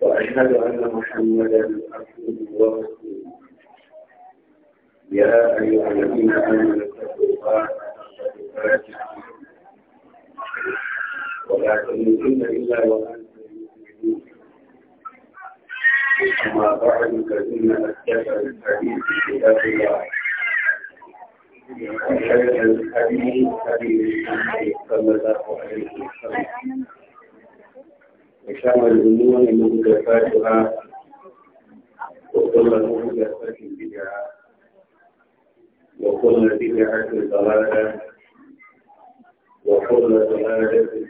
وأشهد أن محمدا عبده ورسوله يا أيها الذين آمنوا اتقوا الله ولا تموتن إلا وأنتم مؤمنون أما بعد فإن أتبع الحديث كتاب الله الحديث حديث صلى الله عليه وسلم وشر الأمور محدثاتها وكل محدثة بدعة وكل بدعة ضلالة وكل ضلالة في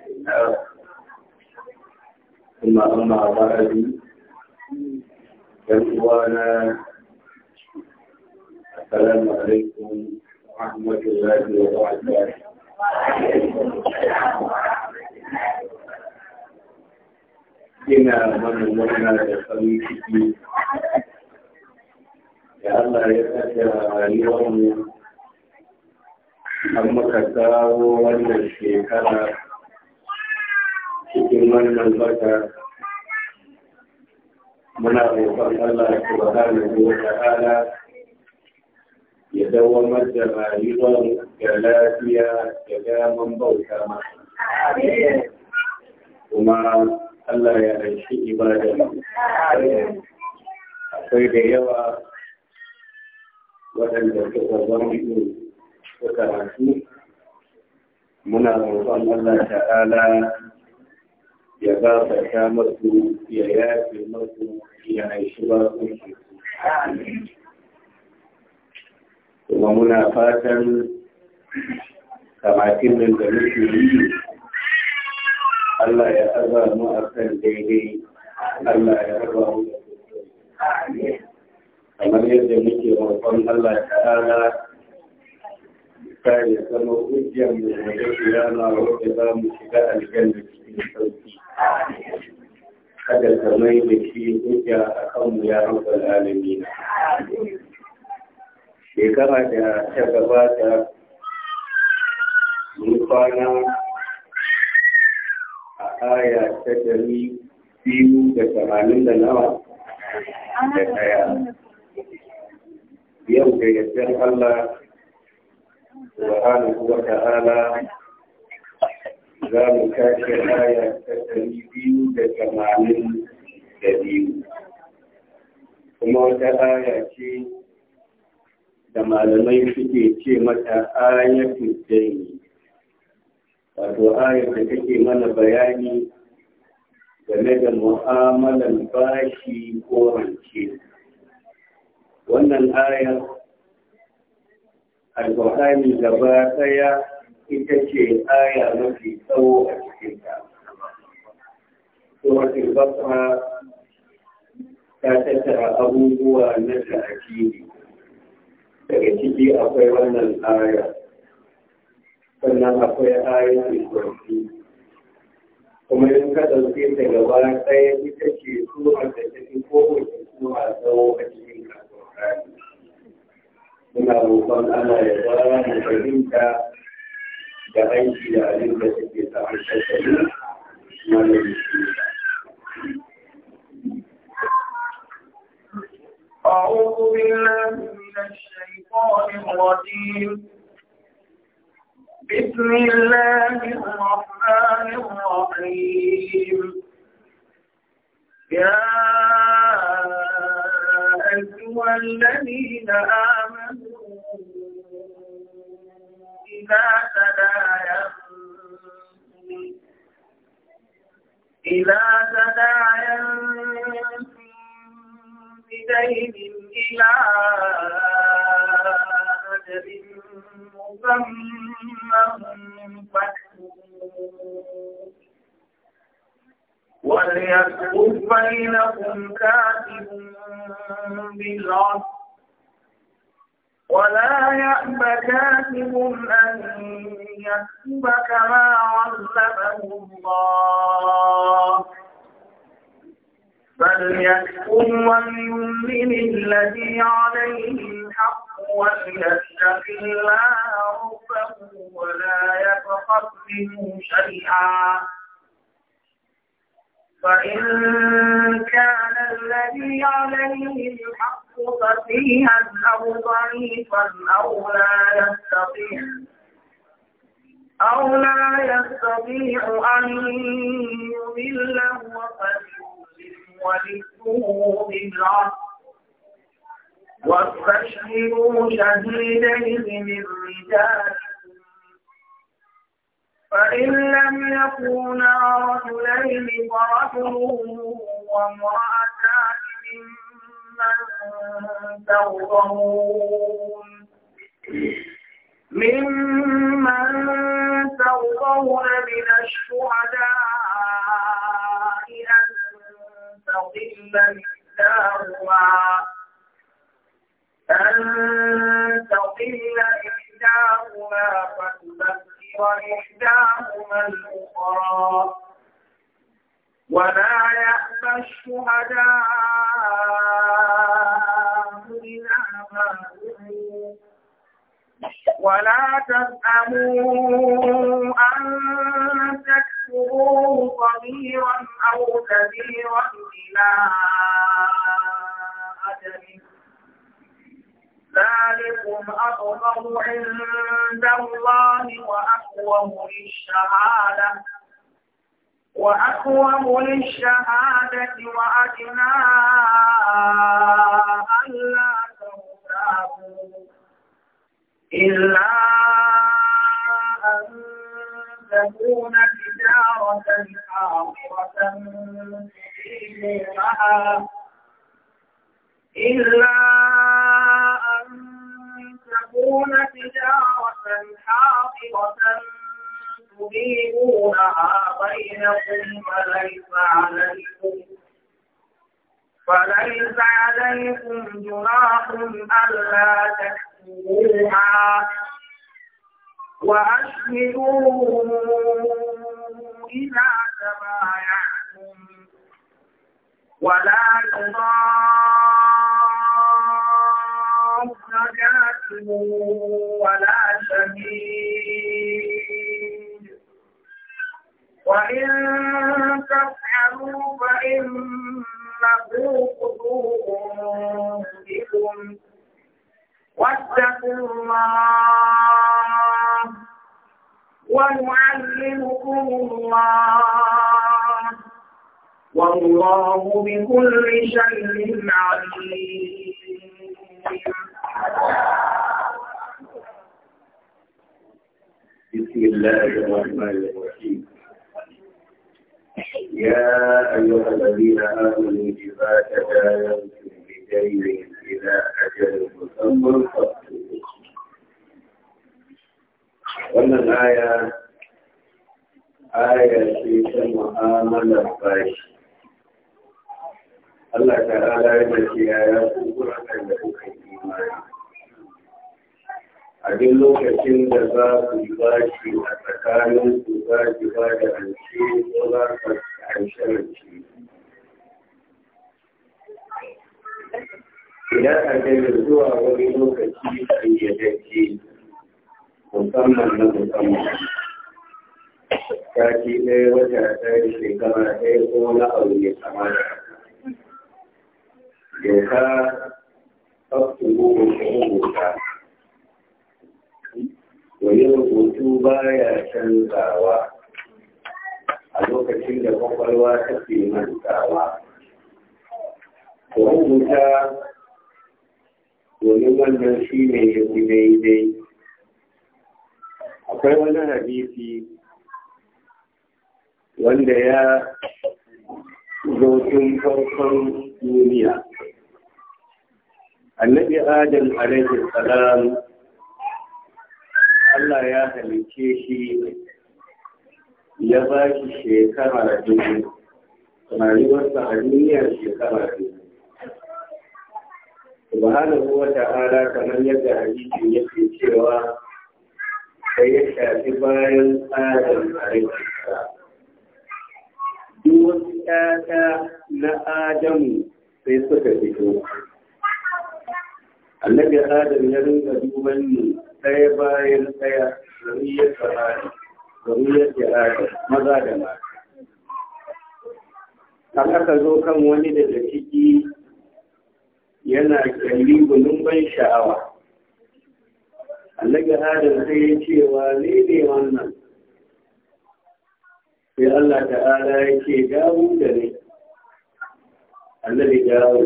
ثم أما بعد فإخوانا السلام عليكم ورحمة الله وبركاته ina mana murna da farin ciki da Allah ya sake rayuwarmu an muka kawo wannan shekara cikin wannan baka muna roƙon Allah subhanahu wa ta'ala ya dawamar da rayuwar da lafiya da daman bauta Kuma Allah ya aishi ibada akwai da yawa waɗanda suka zama suka rasu muna roƙon Allah ta'ala ya ba ka ta masu ya yafe masu ya aishi ba su kuma muna fatan kamakin nan da muke yi Allah ya arba mu a kan daidai Allah ya arba mu kamar yadda muke roƙon Allah ta'ala ta ya zama hujjar mu da kiyama wanda za mu shiga aljanna cikin sauki kada ka mai da shi hujja a kanmu ya rabbal alamin shekara da ta gabata mun kwana a aya ta dari biyu da tamanin da nawa da ɗaya yau da yardar Allah subhanahu wa ta'ala za mu kashe aya ta dari biyu da tamanin da biyu kuma wata aya ce da malamai suke ce mata ayatul daini wato ayat da take mana bayani game da mu'amalan bashi ko rance wannan ayar alƙur'ani gaba ɗaya ita ce aya mafi tsawo a cikinta suratul basra ta tattara abubuwa na ta'ajiri daga ciki akwai wannan aya sannan akwai ayoyin kurfi kuma in ka ɗauke ta gaba ɗaya ita ce surar da ta fi kowace a tsawo a cikin kasuwa muna roƙon Allah ya ba mu fahimta da aiki da abin da suke sa an tattali malam أعوذ بالله من الشيطان الرجيم بسم الله الرحمن الرحيم يا أيها الذين آمنوا إذا تداينتم إذا تداينتم بدين إلى أجل مسمى فاكتبوه وليكتب بينكم كاتب بالعدل ولا يأب كاتب أن يكتب كما علمه الله فليحكم وليؤمن الذي عليه الحق وليتق الله ربه ولا يبخس منه شيئا فإن كان الذي عليه الحق سفيها أو ضعيفا أو لا يستطيع أو لا يستطيع أن يمله وقد ولسوء بالعدل واستشهدوا شهيدين من رجالكم فإن لم يكونا رجلين فرجل وامرأتان ممن ترضون ممن ترضون من الشهداء يضل إحداهما أن تضل إحداهما فتذكر إحداهما الأخرى ولا يأبى الشهداء إذا ما ولا تسأموا أن تكتبوا فاذكروه صغيرا أو كبيرا إلى أجله ذلكم اقرب عند الله وأقوم للشهادة وأقوم للشهادة وأدنى ألا ترتابوا إلا أن تكون نارة حاضرة بإيلها إلا أن تكون تجارة حاضرة تديرونها بينكم فليس عليكم فليس عليكم جناح ألا تكتبوها وأشهدوا إذا تبايعتم ولا تضار جاثم ولا شهيد وإن تفعلوا فإنه قلوب بكم واتقوا الله ويعلمكم الله والله بكل شيء عليم بسم الله الرحمن الرحيم يا أيها الذين آمنوا إذا تداينتم بدين إلى أجل مسمى فاكتبوه wannan aya aya ce ta mu'amalar bashi Allah ta ala ya ya kukura kan da kuka yi imani a duk lokacin da za ku yi bashi a tsakanin ku za ki ba da hanci ko za ka rance idan a kai zuwa wani lokaci ke musamman na musamman sati ɗaya wata ɗaya shekara ɗaya ko na abu mai kama da doka tsaftin gugu rubuta wani rubutu baya canzawa a lokacin da kwakwalwa ta fi mantawa rubuta domin wannan shi ne ya fi daidai akwai wani hadisi wanda ya zo tun farkon duniya annabi adam alaihi salam Allah ya halice shi ya ba shi shekara dubu rayuwarsa a duniya shekara dubu subhanahu wa ta'ala kamar yadda hadisi yake cewa da ya shafi bayan adam alaihissalam duk wasu na adamu sai suka fito annabi adam ya rinka duban ni ɗaya bayan ɗaya zariyar sahari zariyar maza da mata A aka zo kan wani daga ciki yana kyalli gunun ban sha'awa Allah adam sai ya ce wa ne ne wannan sai Allah ta'ala ya ce dawo da ne annabi dawo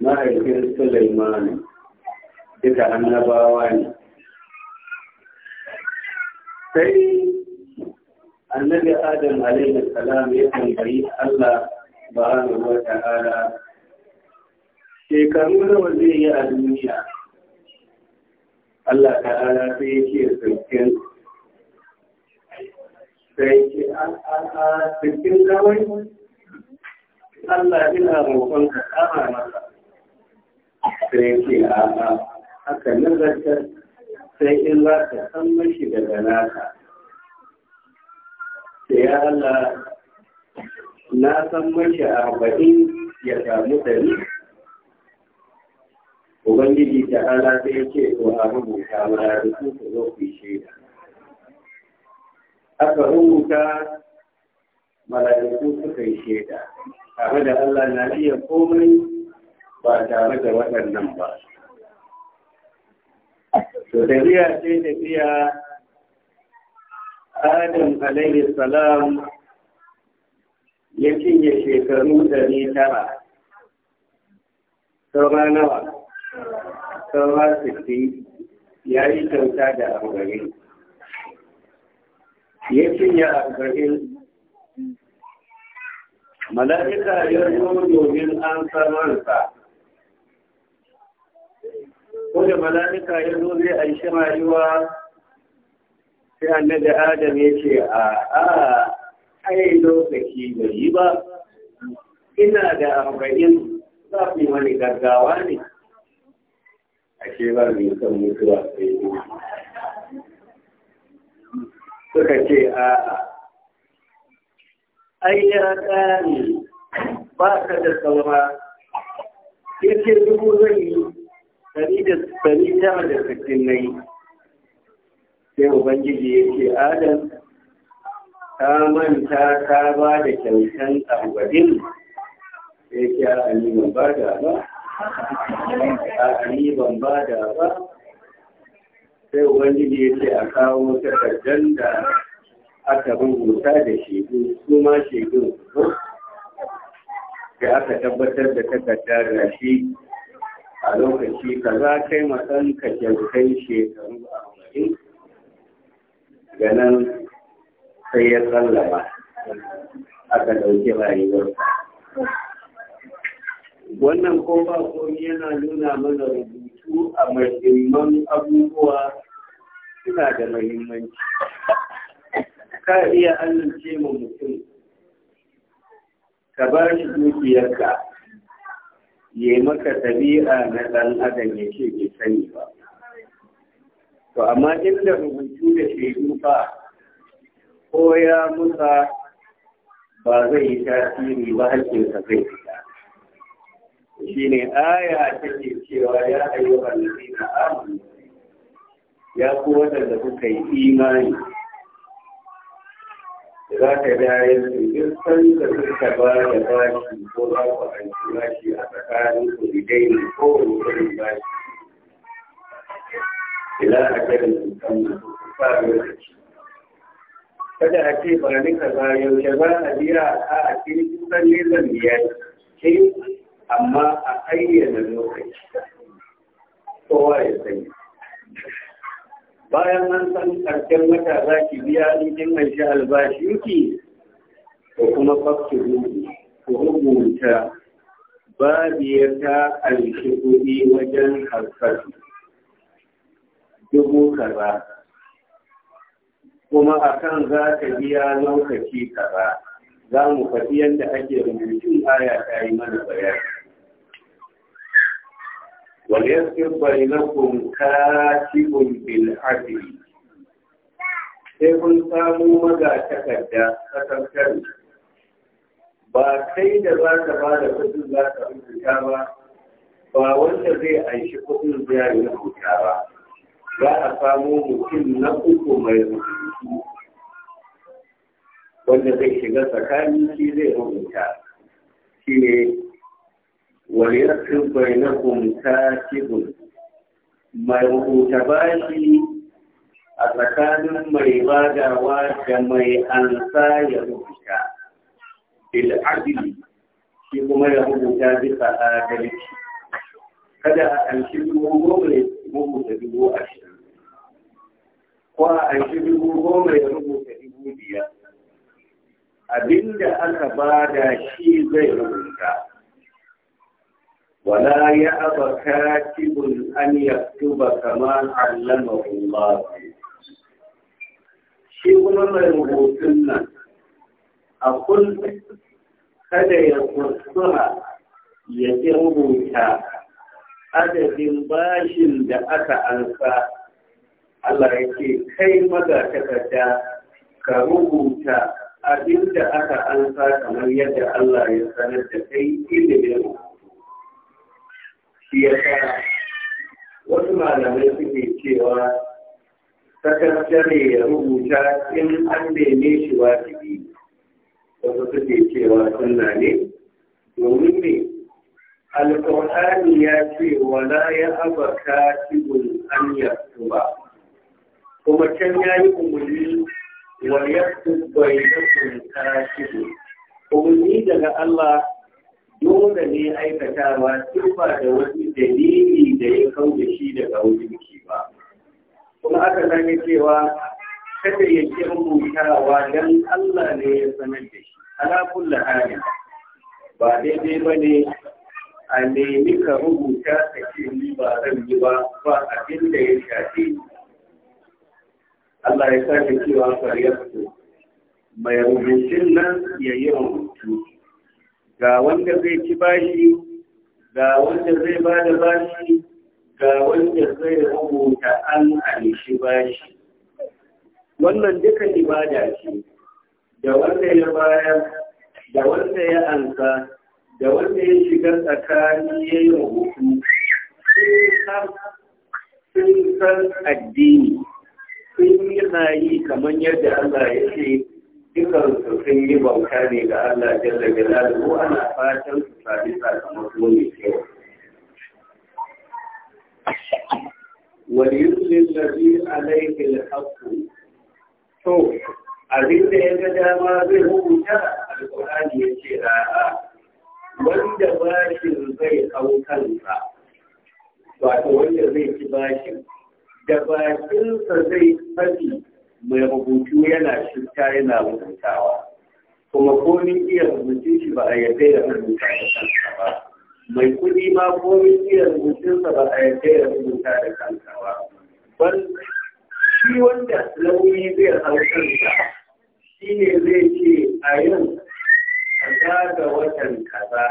mahaifin Sulaiman duka annabawa ne sai annabi adam alaihi salam ya tambayi Allah subhanahu wa ta'ala shekaru nawa zai yi a duniya Allah ta'ala sai ya ce sarkin sai ce a sarkin gawai Allah ina roƙon ka kama masa sai ce a a haka nazarta sai in za ka san mashi daga naka sai ya Allah na san mashi arba'in ya samu dari ubangiji da ala sai ce to a rubuta su ku zo ku shaida aka rubuta mala'iku suka yi shaida tare da Allah na iya komai ba tare da waɗannan ba to tafiya sai tafiya Adam alaihi salam ya cinye shekaru ɗari tara. Saura nawa, sauwa sittin ya yi kyauta da arba'in ya cinye arba'in malarika ya zo domin an samarsa ko da malarika ya zo zai aishi rayuwa sai annabi adam ya ce a a ai lokaci bai yi ba ina da arba'in za ku yi wani gaggawa ne ashe ba mai son mutuwa sai suka ce a ai ya ƙari ba ka da saura yake dubu zai yi dari da dari tara da sittin na yi sai ubangiji ya ce adam Ta manta ta ba da kyautan arba'in ya ce a ba da ba a ni ban ba da ba sai ubangiji ya ce a kawo takardar da aka rubuta da shaidu su ma shaidun da aka tabbatar da takarda da shi a lokaci kaza kai matsan ka jankai shekaru a ga nan sai ya tsallama aka ɗauki rayuwarka. wannan kowa komi yana nuna mana rubutu a mahimman abubuwa suna da mahimmanci ka iya amince ma mutum ka ba shi dukiyarka ya maka tabi'a na ɗan adam ya ce bai sani ba to amma inda rubutu da shaidu ba ko ya musa ba zai yi tasiri ba haƙƙinsa zai shine aya take cewa ya ayyuhal ladina amanu ya ku wadanda kuka yi imani za ka dare su duk san da suka ba da bashi ko za ku aiki bashi a tsakanin ku dai ne ko wani ba bashi ila a kirin su san da su ba shi kada a ce ba ni ka zayo yaushe za a biya a a cikin sanin ne zan biya ke amma a ayyana lokaci kowa ya sani bayan an san karshen wata za ki biya in mai shi yuki ko kuma fakki ku rubuta babiya ta alshi kuɗi wajen harkar dubu kaza kuma akan za ka biya lokaci kaza za mu faɗi yadda ake rubutun aya ta yi mana bayani. وليذكر بينكم كاتب بالعدل sai kun samu maza takarda kasar ba kai da za ka ba da kudin za ka rubuta ba ba wanda zai aishi kudin zai rubuta ba za a samu mutum na uku mai rubuta. wanda zai shiga tsakanin shi zai rubuta shi ne waliyarsu bai na kumta tibun mai rubuta bashi a tsakanin mai badawa da mai ansa ya rubuta bil'adili shi kuma ya rubuta bisa adalci kada a ƙanshi dubu goma ya rubuta dubu ashirin ko a ƙanshi dubu goma ya rubuta dubu biyar Abin da aka bada shi zai rubuta Wala ya يأب كاتب an yaktuba kama allama Allah. shi kuma mai rubutun nan a kullum kada ya kusura ya ƙi rubuta adadin bashin da aka ansa Allah ya ce kai maza takarda ka rubuta abinda aka an sa kamar yadda Allah ya sanar da kai ilimin shi ya sa wasu malamai suke cewa sakantare ya rubuta in an neme shi wajibi wasu suke cewa sunna ne domin ne alƙur'ani ya ce wala ya aba cikin an yaktuba kuma can ya yi umarni وليكتب بينكم كاتب umarni daga Allah dole ne aikatawa tun ba da wani dalili da ya kau da shi daga wajen ba. Kuma aka sani cewa kada ya ki rubutawa don Allah ne ya sanar da shi. Ala kulla hali ba daidai ba ne a nemi ka rubuta ka ce ni ba zan yi ba ba abin ya shafe. Allah ya sake cewa sariyarsu mai rubutun nan ya yi rubutu ga wanda zai ci bashi ga wanda zai ba da bashi ga wanda zai rubuta an alishi bashi wannan duka ibada ce da wanda ya bayar da wanda ya ansa da wanda ya shiga tsakani ya yi rubutu sun san addini sun yana yi kamar yadda Allah ya ce dukansu sun yi bauta ne ga Allah jalla jalaluhu ana fatan su sami sakamako mai kyau وليسلم الذي عليه الحق to abin da ya ga dama zai rubuta alƙur'ani ya ce a'a wanda bashin zai hau kansa wato wanda zai ci bashin da bakinsa zai fadi mai rubutu yana shirka yana rubutawa kuma komin iya rubutun shi ba a yadda ya rubuta da kansa ba mai kuɗi ma komin iya sa ba a yadda ya rubuta da kansa ba ban shi wanda lauyi zai hau shi ne zai ce a yin kaza ga watan kaza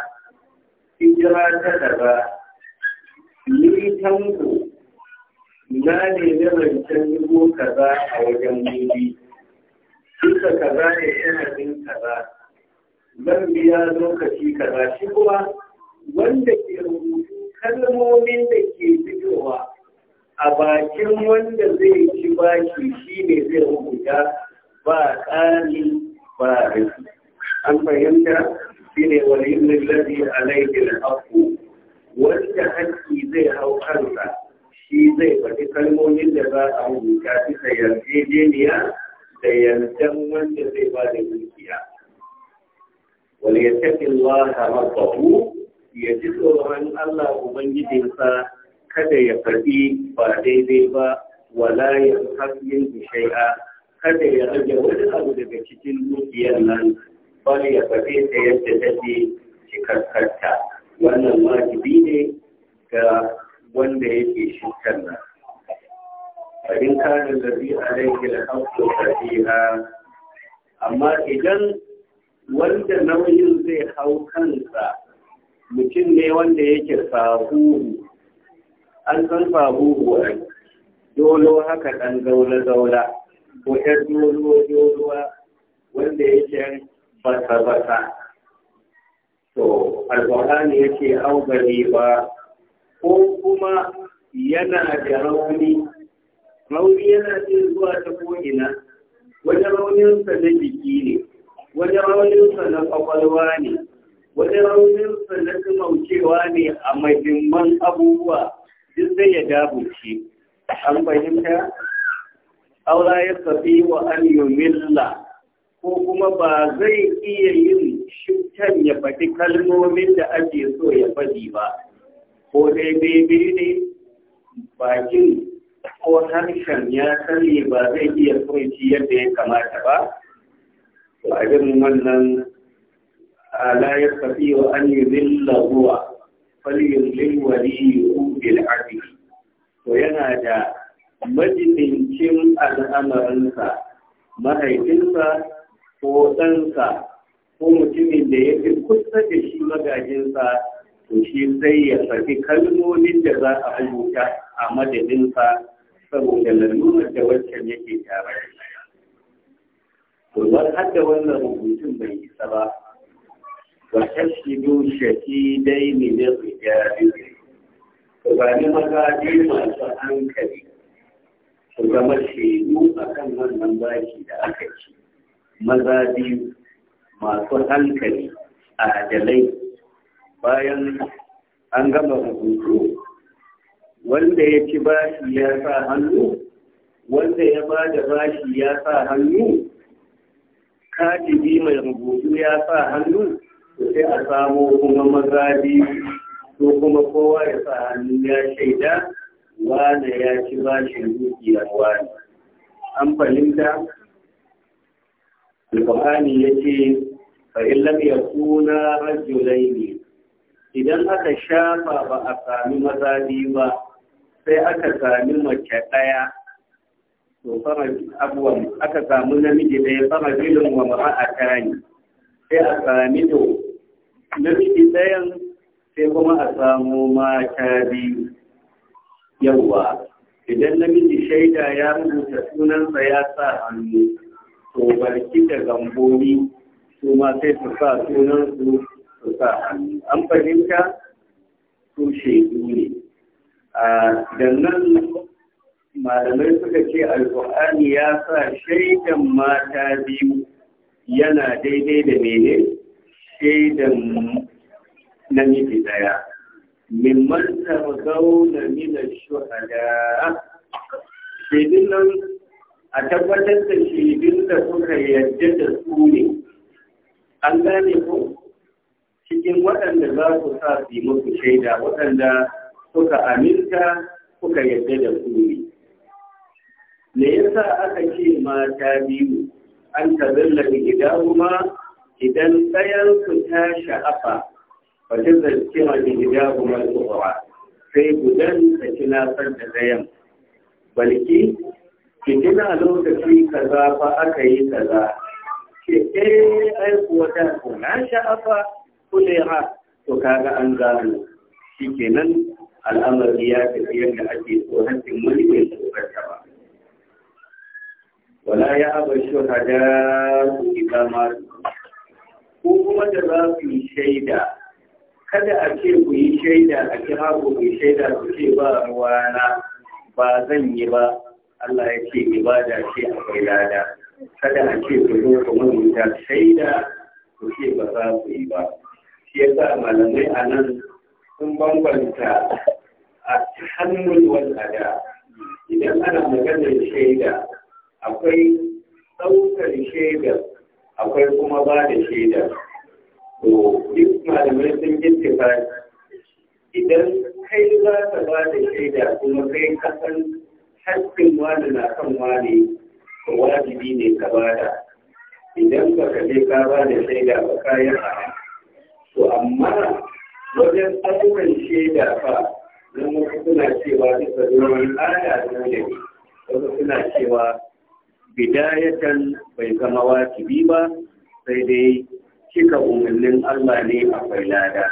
hijira ta daga ni tango na nemi rancen ko kaza a wajen dubi duka kaza ne sanadin kaza zan biya lokaci kaza shi kuma wanda ke rubutu kalmomin da ke fitowa a bakin wanda zai ci baki shi ne zai rubuta ba ƙari ba rufi an fahimta shi ne wani yin lalazi a laifin wanda haƙƙi zai hau kansa shi zai faɗi kalmomin da za a rubuta bisa jeniya da yardan wanda zai ba da dukiya. Wale ya tafi Allah rabbahu ya ji tsoron Allah Ubangijinsa kada ya faɗi ba daidai ba wala ya da shai'a kada ya rage wani abu daga cikin dukiyar nan bari ya faɗi ta yadda take cikakkarta wannan wajibi ne ga wanda yake shi kanna fa in kana ladhi alayhi al-haqqu sahiha amma idan wanda nauyin zai hau kansa mutum ne wanda yake sahuhu an san sahuhu a dolo haka ɗan zaula-zaula ko ‘yar wanda yake basa-basa to alƙawari yake au ba ko kuma yana da rauni rauni yana jin zuwa ta ko'ina wani rauninsa na jiki ne wani rauninsa na kwakwalwa ne wani rauninsa na tumaucewa ne a mahimman abubuwa duk zai ya dabuce an fahimta aula ya safi wa an yumilla ko kuma ba zai iya yin shiftan ya faɗi kalmomin da ake so ya faɗi ba ko dai daidai ne bakin ko harshen ya sani ba zai iya furci yadda ya kamata ba to abin wannan ya yastati wa an yuzilla huwa falyuzil waliyyu bil adl to yana da majibincin al'amarinsa mahaifinsa ko ɗansa ko mutumin da ya fi kusa da shi magajinsa to shi sai ya faɗi kalmomin da za a rubuta a madadinsa saboda lalurar da wancan yake tare da shi. har hadda wannan rubutun bai isa ba, wa tashidu dai ne na rijali. Tubani magaji masu hankali, su zama shaidu a kan wannan baki da aka ci, maza biyu masu hankali, adalai bayan an gama rubutu wanda ya ci bashi ya sa hannu wanda ya ba da bashi ya sa hannu katibi mai rubutu ya sa hannu sai a samo kuma mazabi ko kuma kowa ya sa hannu ya shaida wane ya ci bashin dukiyar wane an fahimta alfahani ya ce fa'in lam kuna rajulai ne idan aka shafa ba a sami maza biyu ba sai aka sami mace ɗaya to fara abuwan aka samu namiji ɗaya fara filin wa a ne sai a sami to namiji ɗayan sai kuma a samu mata biyu yawa idan namiji shaida ya rubuta sunansa ya sa hannu to barki da gambobi su ma sai su sa sunansu an fahimta su shaidu ne da nan malamai suka ce alƙur'ani ya sa shaidan mata biyu yana daidai da mene shaidan namiji daya mimman tarzauna min shuhada shaidun nan a tabbatar da shaidun da suka yarda da su ne an gane ko cikin waɗanda za ku sa su shaida waɗanda suka aminta kuka yadda da su ne. Me yasa aka ce mata biyu an da gida kuma idan ɗayansu ta sha'afa ba ta zarce ma igidahuma tsohuwa sai gudan ta nasar da ɗayan. Balki, ki lokaci kaza fa aka yi kaza. Ke eh, ai kuwa ta kuna sha'afa kulliha to kaga an gano shikenan al'amari ya tafi yadda ake so hakkin wani ba wala ya aba shuhada idza ma ko kuma da za ku yi shaida kada a ce ku yi shaida a kira ku yi shaida ku ce ba ruwana ba zan yi ba Allah ya ce ibada ce akwai lada kada a ce ku zo ku mutunta shaida ku ce ba za ku yi ba shi malamai a nan sun bambanta a hannun wal'ada idan ana maganar shaida akwai ɗaukar shaida akwai kuma ba da shaida to duk malamai sun gintifa idan kai za ka ba da shaida kuma kai kasan haƙƙin wani na kan wani wajibi ne ka bada idan ba ka je ka ba da shaida ba kayan a to amma wajen abubuwan shaida fa nan wasu suna cewa duka doron ala dole wasu suna cewa bidayatan bai zama wajibi ba sai dai cika umarnin Allah ne akwai lada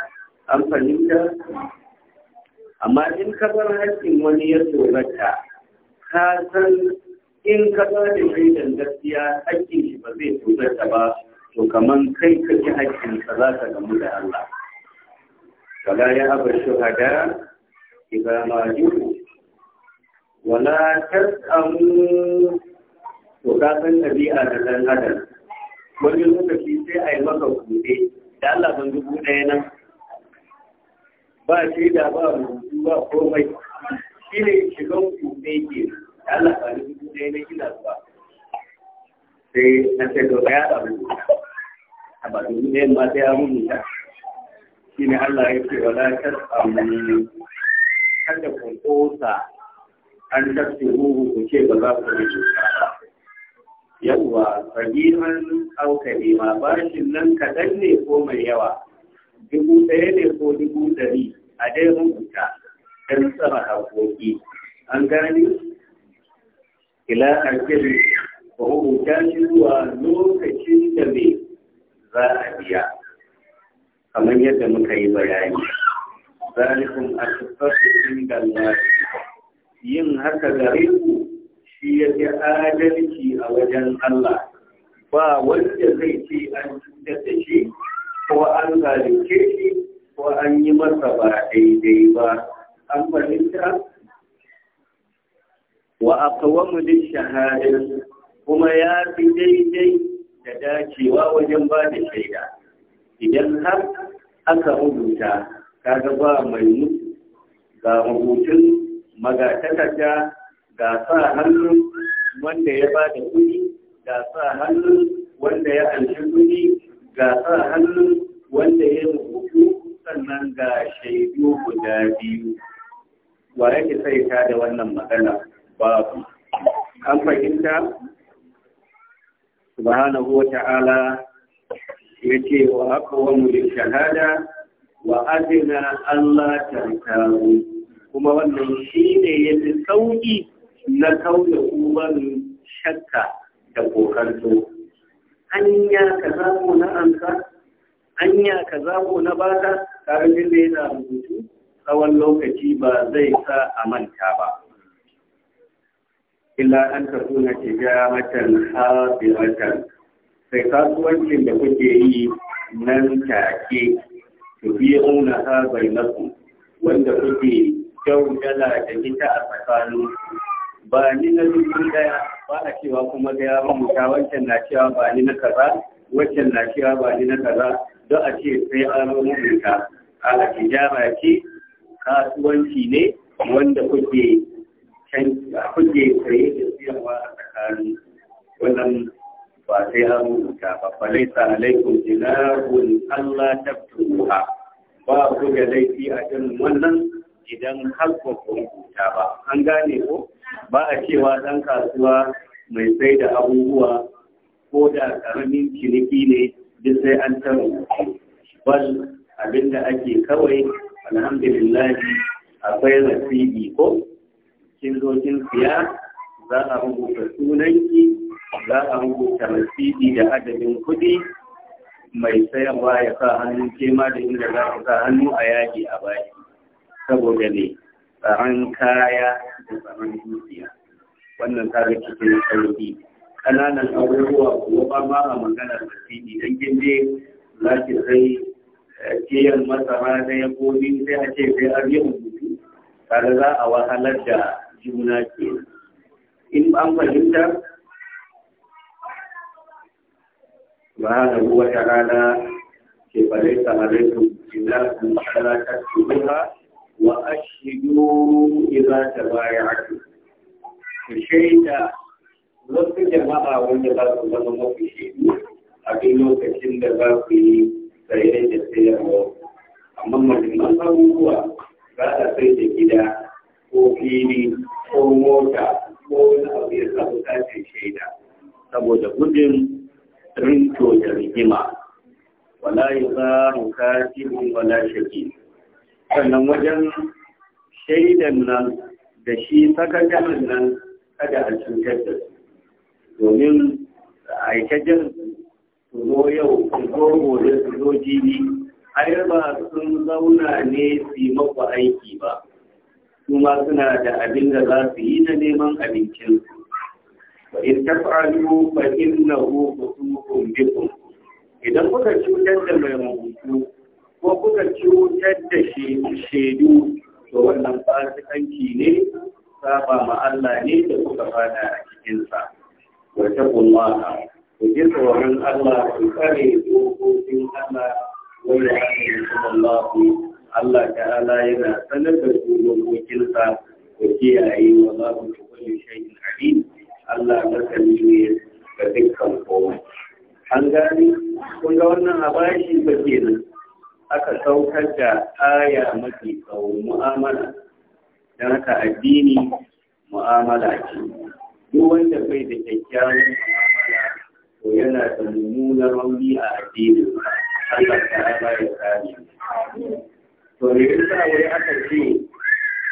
an fahimta amma in ka bar haƙƙin wani ya tsorata ka san in ka ba da shaidan gaskiya haƙƙin shi ba zai tsorata ba to kaman kai kake hakkin ka za ka gamu da Allah wala ya aba shuhada idza ma yuhu wala tasamu to ka san tabi'a da dan adam wani lokaci sai a yi maka kuɗe da Allah ban dubu ɗaya nan ba shaida ba rubutu ba komai shi ne shigan ne ke da Allah ban dubu ɗaya na gina ba sai na ce to ya abu. a ba domin ɗayan ma sai ya shi ne Allah ya ce wala tas'amu kada ku kosa an tasiruhu ku ce ba za ku rubuta ba yawwa sahihan aw kalima bashin nan kaɗan ne ko mai yawa dubu ɗaya ne ko dubu ɗari a dai rubuta don tsara haƙoƙi an gani ila akhiri ko rubuta shi zuwa nuru jiya kamar yadda muka yi bayani zalikum asfatu da yin haka gare ku shi ya fi adalci a wajen Allah ba wanda zai ce an cutar shi ko an zalunce shi ko an yi masa ba daidai ba an fahimta wa aqwamu lishahadat kuma ya fi daidai da dacewa wajen ba da shaida idan har aka rubuta kaga ba mai mutu ga rubutun magatakarda ga sa hannun wanda ya ba da kuɗi ga sa hannun wanda ya anshi kuɗi ga sa hannun wanda ya rubutu sannan ga shaidu guda biyu wa yake sai ta da wannan magana babu an fahimta subhanahu wa ta'ala yake wa aqwamu shahada wa adina Allah tarkaru kuma wannan shi shine yafi sauki na kauda uban shakka da kokarto anya ka zamu na anka hanya ka zamu na baka karin da yana rubutu tsawon lokaci ba zai sa a manta ba Ila an takuna tijaratan habiratan sai kasuwancin da kuke yi nan take su biya auna ha bainakum wanda kuke daudala da ita a tsakanin ba ni na dubu daya ba a cewa kuma da ya mamuta wancan na cewa ba ni na kaza wancan na cewa ba ni na kaza don a ce sai an rubuta a tijara ce kasuwanci ne wanda kuke kuke saye da siyarwa a tsakanin wannan ba sai an rubuta ba falaisa alaikum jinahun Allah tabtuha ba ku da laifi a irin wannan idan har ba ku rubuta ba an gane ko ba a cewa dan kasuwa mai sai da abubuwa ko da karamin ciniki ne duk sai an ta rubuta bal abinda ake kawai alhamdulillah akwai rasibi ko kin zo kin siya za a rubuta sunanki za a rubuta rasidi da adadin kuɗi mai sayarwa ya sa hannun kema da inda za ka sa hannu a yaƙi a baki saboda ne tsaron kaya da tsaron dukiya wannan ta cikin sauki ƙananan abubuwa kuma ba a maganar rasidi don kin je za ki sai ciyar eh, masara da ya komi sai a ce sai an yi rubutu tare za a wahalar da juna ke in an fahimta سبحانه وتعالى كيف ليس عليكم جناح فلا تكتبوها وأشهدوا إذا تبايعتم الشيء wasu jama'a wanda za su zama mafi shaidu a duk lokacin da za ku yi tsaye da sayarwa amma mahimman abubuwa za a sai gida ko fili ko mota ko shaida saboda gudun rinto da rigima wala yi za mu kafin wala shaki sannan wajen shaidan nan da shi sakatanin nan kada a cutar da su domin aikajen su zo yau su zo gobe su zo jibi ai ba sun zauna ne su yi maku aiki ba su suna da abin da za su yi na neman abincinsu in taf'alu fa innahu fusuqun bikum idan kuka cutar da mai rubutu ko kuka cutar da shaidu to wannan fasikanci ne saba ma Allah ne da kuka fada a cikinsa. Wa taqullaha ku ji tsoron Allah ku kare dokokin Allah wanda aka yi Allah Allah ta'ala yana sanar da su dokokinsa ku kiyaye wa babu kullu shay'in alim Allah ya ne ga dukkan kowa. an gani kun ga wannan abashi ba kenan aka saukar da aya mafi tsawon mu'amala don haka addini mu'amala ce duk wanda bai da kyakkyawan mu'amala to yana da mummunar rauni a addinin Allah ta ya kare to ne sa wai aka ce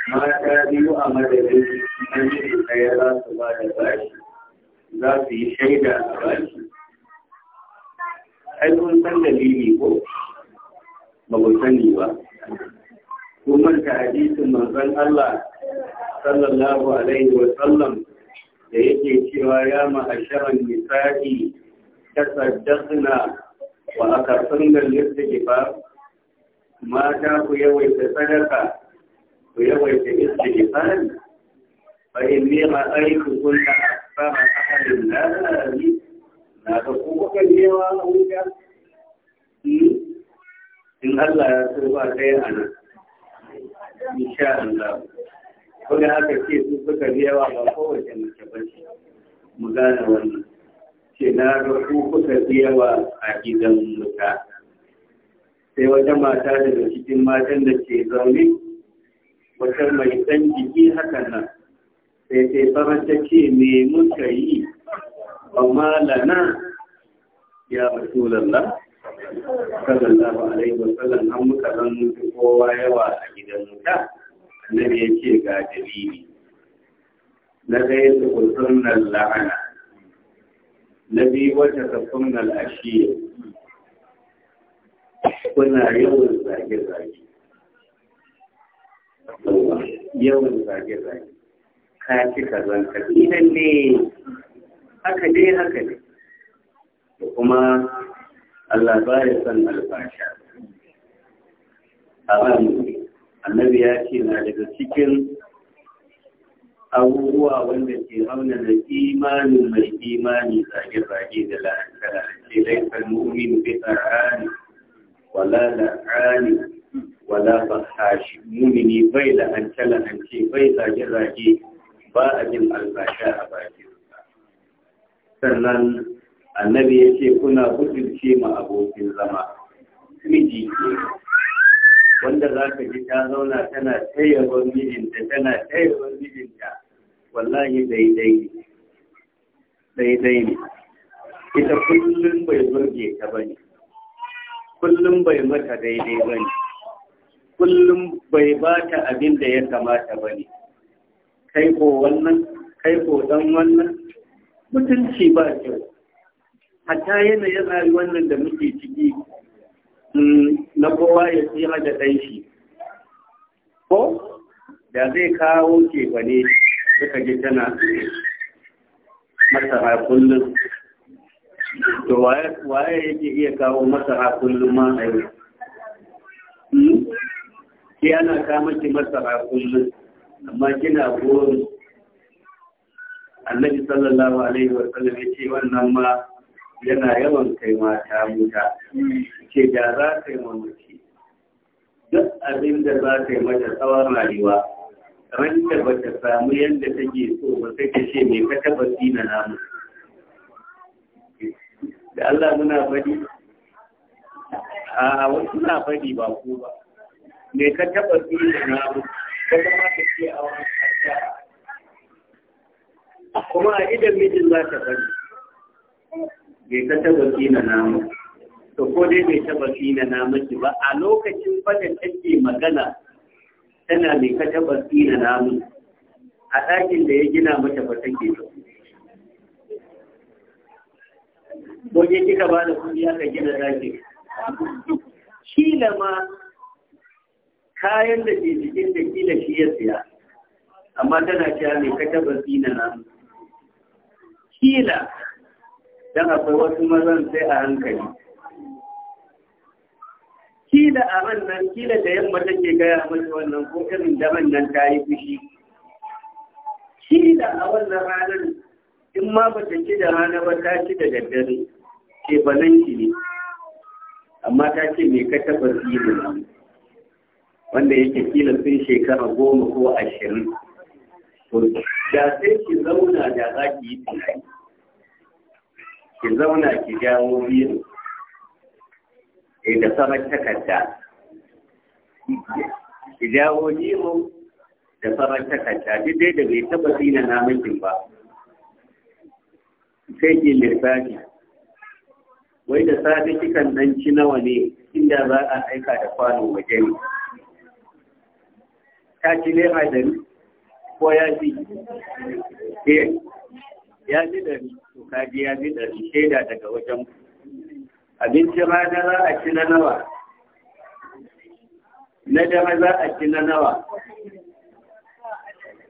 mata biyu a madadin namiji ɗaya za su ba da bashi za su yi shaida a bashi ai kun san dalili ko ba ku sani ba kun manta hadisin manzon Allah sallallahu alaihi wa sallam da yake cewa ya ma'asharan nisa'i tasaddaqna wa na lil-istighfar mata ku yawaita sadaka ku yawaita istighfari fa inni ra'aytu kullu akthara ahadin nari na ga ku kuka yawa wuta hmm? in Allah ya so ba kai anan insha Allah kuma haka ce su suka yawa ba kowace mace ba ce mu gane wannan ce na ga ku kuka yawa a gidan wuta sai wata mata daga cikin matan da ke zaune wata mai ɗan jiki hakan nan sai sai faranta ta ce me muka yi amma lana ya ba sallallahu ba wasallam an muka zan kowa yawa a gidan mutum annabi ya ce ga dalili na ɗaya nan la'ana na biyu wata nan ashiya kuna yawan zage-zage yawan zage-zage ka ci ka zanka ne haka dai haka ne kuma Allah ba ya san alfasha a annabi ya ce na daga cikin abubuwa wanda ke auna na imanin mai imani zage-zage da la'akara ce laifin mu'min bi rani wala rani. wala fahashi mumini bai la'ance la'ance bai zage-zage ba a jin albasha a bakin sannan annabi ya ce kuna butulce ma abokin zama miji ke wanda za ka ji ta zauna tana tayyawar mijinta tana tayyawar mijinta wallahi daidai ne daidai ne ita kullum bai burge ta bane kullum bai mata daidai bane kullum bai ba ta abin da ya kamata ba ne kai ko wannan kai ko dan wannan mutunci ba kyau hatta yanayin zari wannan da muke ciki mm, na kowa ya tsira da ɗan shi ko da zai kawo ke ba ne suka ji tana masara kullum to waye yake iya kawo masara kullum ma a yau Yana ana kama ki masara kullum amma kina gori annabi sallallahu alaihi wa sallam yace wannan ma yana yawan kai mata muta ce da za ka yi mamaki duk abin da za ka yi mata tsawon rayuwa ran da ba ta samu yadda take so ba sai ta ce mai ka taba na namu da Allah muna faɗi a wasu na faɗi ba ku ba me ka taɓa fi da namu ka zama ka ce a wani ƙasa kuma a idan mijin za ta bari me ka taɓa fi da namu to ko dai me taɓa fi da namu ba a lokacin fadar take magana tana me ka taɓa fi da namu a ɗakin da ya gina mata ba take ba ko je kika ba da kuɗi aka gina ɗakin shi ma kayan da ke jikin da kila shi ya siya amma tana cewa mai kaka ba zina na kila don akwai wasu mazan sai a hankali kila a wannan kila da yamma take gaya mata wannan ko irin da nan ta yi fushi kila a wannan ranar in ma ba ta ci da rana ba ta ci da daddare ke ki ne amma ta ce mai ka ba zina na wanda yake kila sun shekara goma ko ashirin to da sai ki zauna da za ki yi tunani ki zauna ki jawo biyu eh, da saman takarda ki jawo biyu da saman takarda duk dai da bai taba tsina namakin ba sai ki lissafi wai da safe kikan nan ci nawa ne inda za a aika da kwano waje ne ta ci lema dari ko ya fi ke ya fi dari to kaji ya fi dari shaida daga wajen abinci rana za a ci na nawa na dama za a ci na nawa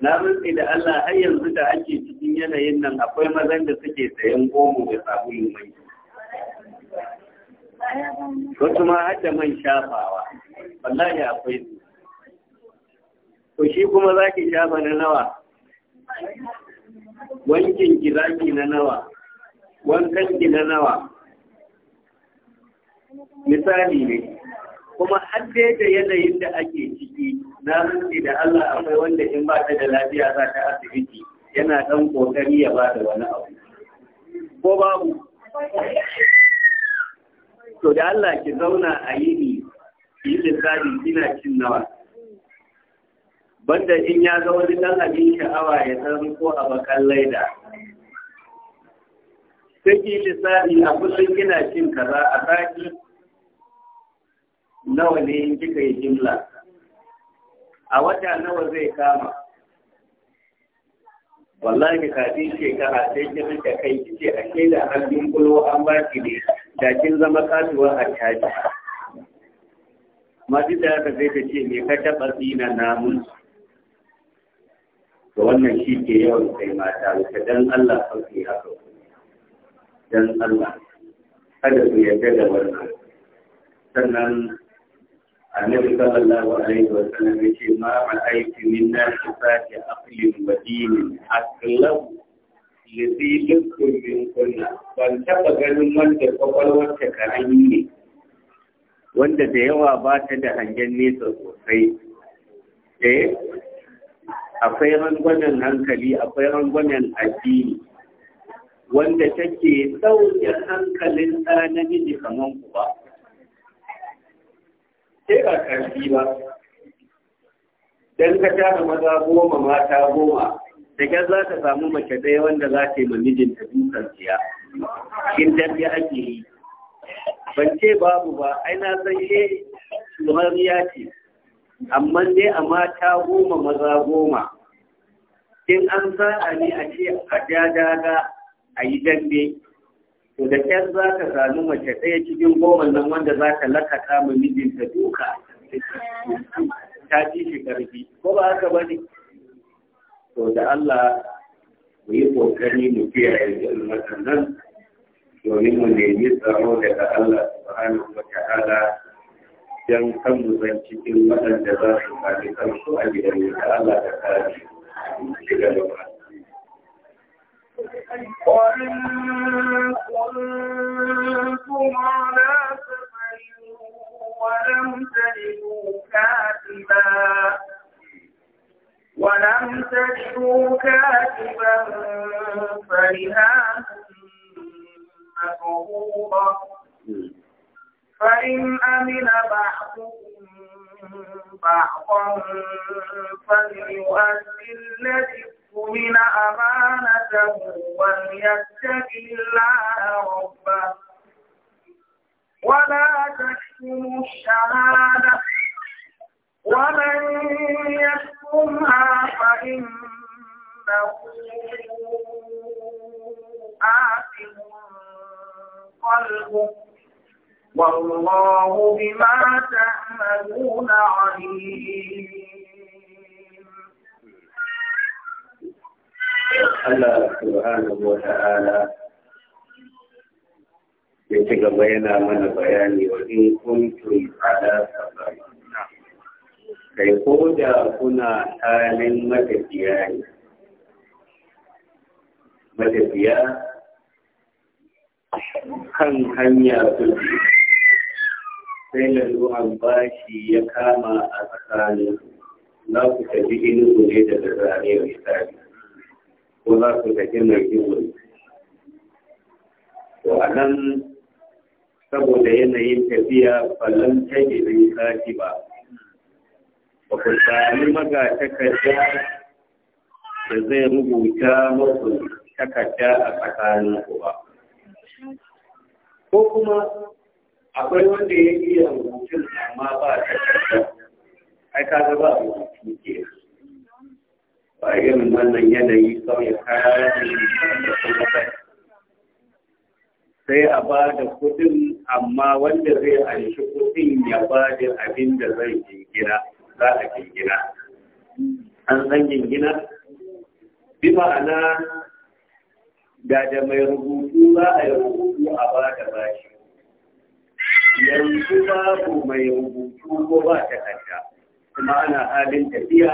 na rufe da Allah har yanzu da ake cikin yanayin nan akwai mazan da suke sayan gomo da sabulu mai wasu ma har da man shafawa wallahi akwai su ko shi kuma za ki shafa na nawa wankin ki za ki na nawa wankan ki na nawa misali ne kuma an da yanayin da ake ciki na rufi da Allah akwai wanda in ba ta da lafiya za ta asibiti yana ɗan ƙoƙari ya ba da wani abu ko babu to da Allah ki zauna a yi ki yi lissafi kina cin nawa banda in ya ga wani ɗan abin sha'awa ya san ko a bakan laida sai ki sa'i, a kusan kina cin kaza a saki nawa ne kika yi jimla a wata nawa zai kama wallahi kafin shekara sai ki rika kai kice a shaida har kulo an ba ki ne da kin zama kasuwa a caji masu da ka zai ta ce me ka taɓa tsina namun da wannan shi ke yawan kai mata ka dan Allah kan ke haka dan Allah kada ku yarda da wannan sannan annabi sallallahu alaihi wa sallam ya ce ma aiki min nasi fati aqlin wa dinin aqlam yazi kullin kullu ban taba ganin wanda kwakwalwar ta karami ne wanda da yawa ba ta da hangen nesa sosai eh akwai rangwamen hankali akwai rangwamen addini wanda take ɗauke hankalin tsana namiji kamar ku ba sai ba ƙarfi ba don ka tara maza goma mata goma daga za ka samu mace ɗaya wanda za ta yi mamijin ta dukan siya in dambe ake yi ban ce babu ba ai na san shi ya ce amma dai a mata goma maza goma in an sa'a ne a ce a a yi dambe to da ƙyar za ka sami mace ɗaya cikin goma nan wanda za ka lakata ma mijinta duka ta ci shi ƙarfi ko ba haka ba ne to da Allah mu yi ƙoƙari mu kiyaye ilmatan nan domin mu nemi tsaro daga Allah subhanahu wa ta'ala yan kanmu zan cikin waɗanda za su kare kansu a gidan yi Allah ta kare shiga da ba. وإن كنتم على سفر ولم تجدوا كاتبا ولم تجدوا كاتبا فرهان مكروبة فإن أمن بعضكم بعضا فليؤدي الذي اؤتمن أمانته وليتق الله ربه ولا تكتموا الشهادة ومن يكتمها فإنه آثم قلبه والله بما تعملون عليم Allah subhanahu wa ta'ala ya ci gaba yana mana bayani wa in kuntum ala safari kai ko da kuna halin matafiya ne matafiya kan hanya su sai lalurar bashi ya kama a tsakanin za ku tafi inugu ne daga zariyar misali ko za ku tafi mai ne. To a nan saboda yanayin tafiya fallon tafi bin sati ba, ba ku sami maga takarda da zai rubuta muku takarda a tsakaninku ba. Ko kuma akwai wanda ya iya mutum amma ba da ai ka ga ba rubutu ke ba irin wannan yanayi kawai kaya da kuma sai a ba da kudin amma wanda zai anshi kudin ya ba da abin da zai jingina za a jingina an san jingina bi ma'ana da da mai rubutu za a yi rubutu a ba da bashi yanzu babu mai rubutu ko ba ta takarda kuma ana halin tafiya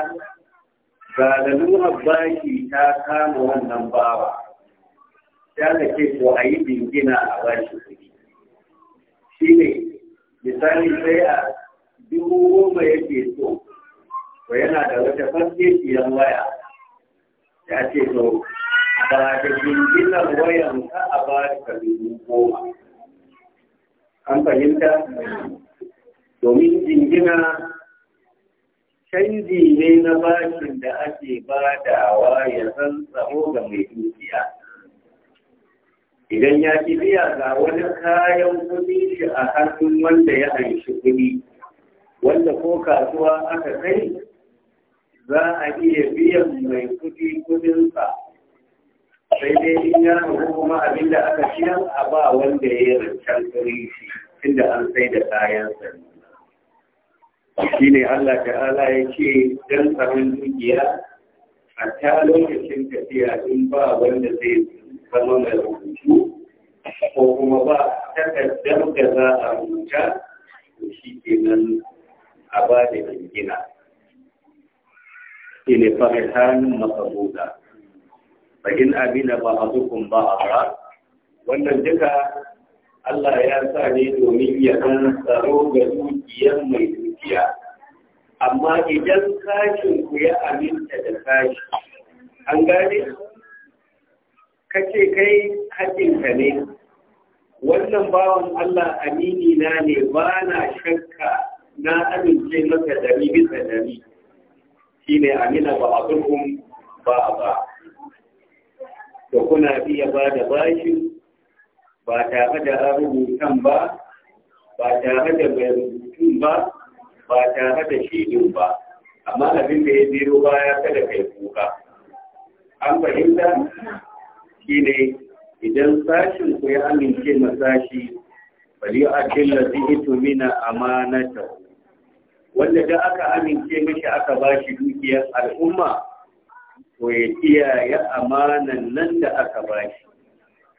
ga da baki ta kama wannan bawa ta da ke ko a yi dingina a bashi kuɗi shi ne misali sai a dubu goma yake so ko yana da wata siyan waya ya ce to ba da dingina wayan ka a ba ka dubu goma an fahimta domin jingina canji ne na bashin da ake badawa ya zan tsaro ga mai dukiya idan ya ci biya ga wani kayan kuɗi shi a hannun wanda ya anshi kuɗi wanda ko kasuwa aka kai za a iya biyan mai kuɗi sa. sai dai in ya rubu kuma abin da aka ciyar a ba wanda ya yi rancen gari inda an sai da kayan shi ne Allah ta'ala ya ce don samun dukiya a ta lokacin tafiya in ba wanda zai zama mai rubutu ko kuma ba takardar da za a rubuta to shi ke nan a ba da gina. Ine fahimtar fa in amina a fara. wannan duka Allah ya sa ne domin ya san tsaro ga dukiyar mai dukiya amma idan kashin ku ya aminta da kashi an gane kace kai haƙinka ne wannan bawan Allah amini na ne ba na shakka na amince maka dari bisa Shi shine amina ba abin ba ba da kuna iya ba da bashi ba tare da an ba ba tare da mai rubutun ba ba tare da shidin ba amma abin da ya biro baya kada kai kuka an fahimta shi ne idan sashin ku ya amince ma sashi bali a killa zihitu mina amanata wanda da aka amince mashi aka bashi dukiyar al'umma to ya kiyaye amanan nan da aka ba shi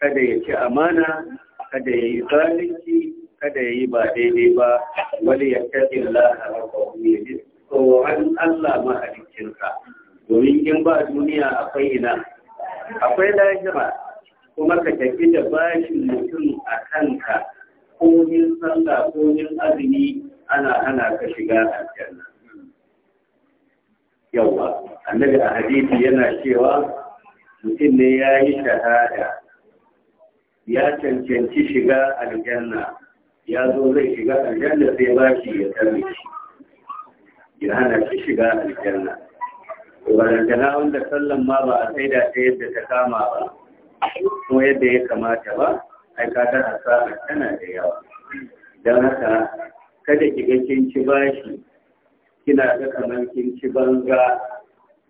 kada ya ci amana kada ya yi zalunci kada ya yi ba daidai ba wani ya kaɗi Allah ya tsoron Allah mahalicinka domin in ba duniya akwai ina akwai lahira kuma ka tafi da bashin mutum a kanka komin sallah komin azumi ana hana ka shiga a aljanna yawa annabi a hadisi yana cewa mutum ne ya yi shahada ya cancanci shiga aljanna ya zo zai shiga aljanna sai ba shi ya tarbe shi ya hana shi shiga aljanna barantana wanda sallan ma ba a da ta yadda ta kama ba ko yadda ya kamata ba ai ka ta hasara tana da yawa don haka kada ki ga kin ci bashi kina ga kamar kin ci banga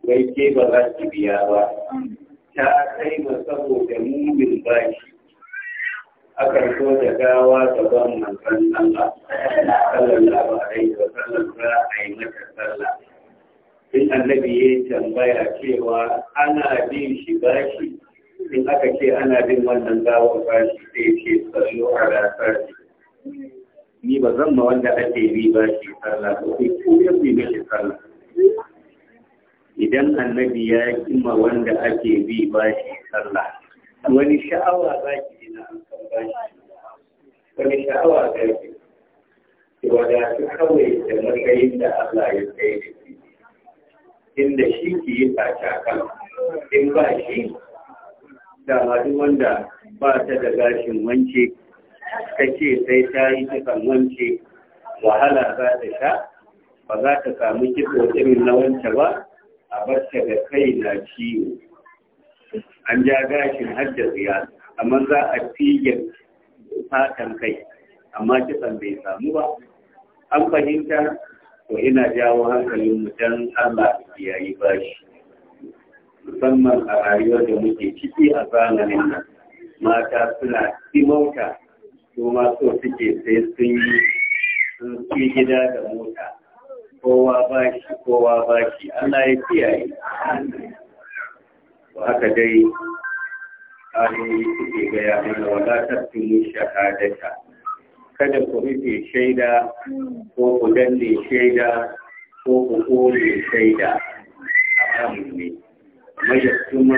wai ke ba za ki biya ba ta kai ma saboda mumin bashi aka so da gawa gaban manzon Allah sallallahu alaihi wa sallam za a yi mata sallah in annabi ya tambaya cewa ana bin shi bashi in aka ce ana bin wannan gawar bashi sai ce sallu ala sarki ni ba zan ma wanda ake bi ba shi sallah ko kai ko ya fi ba shi sallah idan annabi ya yi ma wanda ake bi ba shi sallah wani sha'awa za ki yi na ba shi wani sha'awa za ki ki su kawai da matsayin da Allah ya kai da shi inda shi ki yi tace kan in ba shi da duk wanda ba ta da gashin wance Ta ce sai ta yi kisan wance wahala za ta sha ba za ta samu kitso irin na wance ba a barta da kai na ciwo an ja gashin har da amma za a fiye fatan kai amma kitsan bai samu ba an fahimta ko ina jawo hankalin mu dan Allah ya yi bashi musamman a rayuwar da muke ciki a zamanin nan mata suna imauta su so suke sai sun yi sun ci gida da mota kowa ba shi kowa ba shi ana ya kiyaye haka dai ayoyi suke gaya mana wala tattumu shahadata kada ku rufe shaida ko ku danne shaida ko ku kone shaida a ne mai yastuma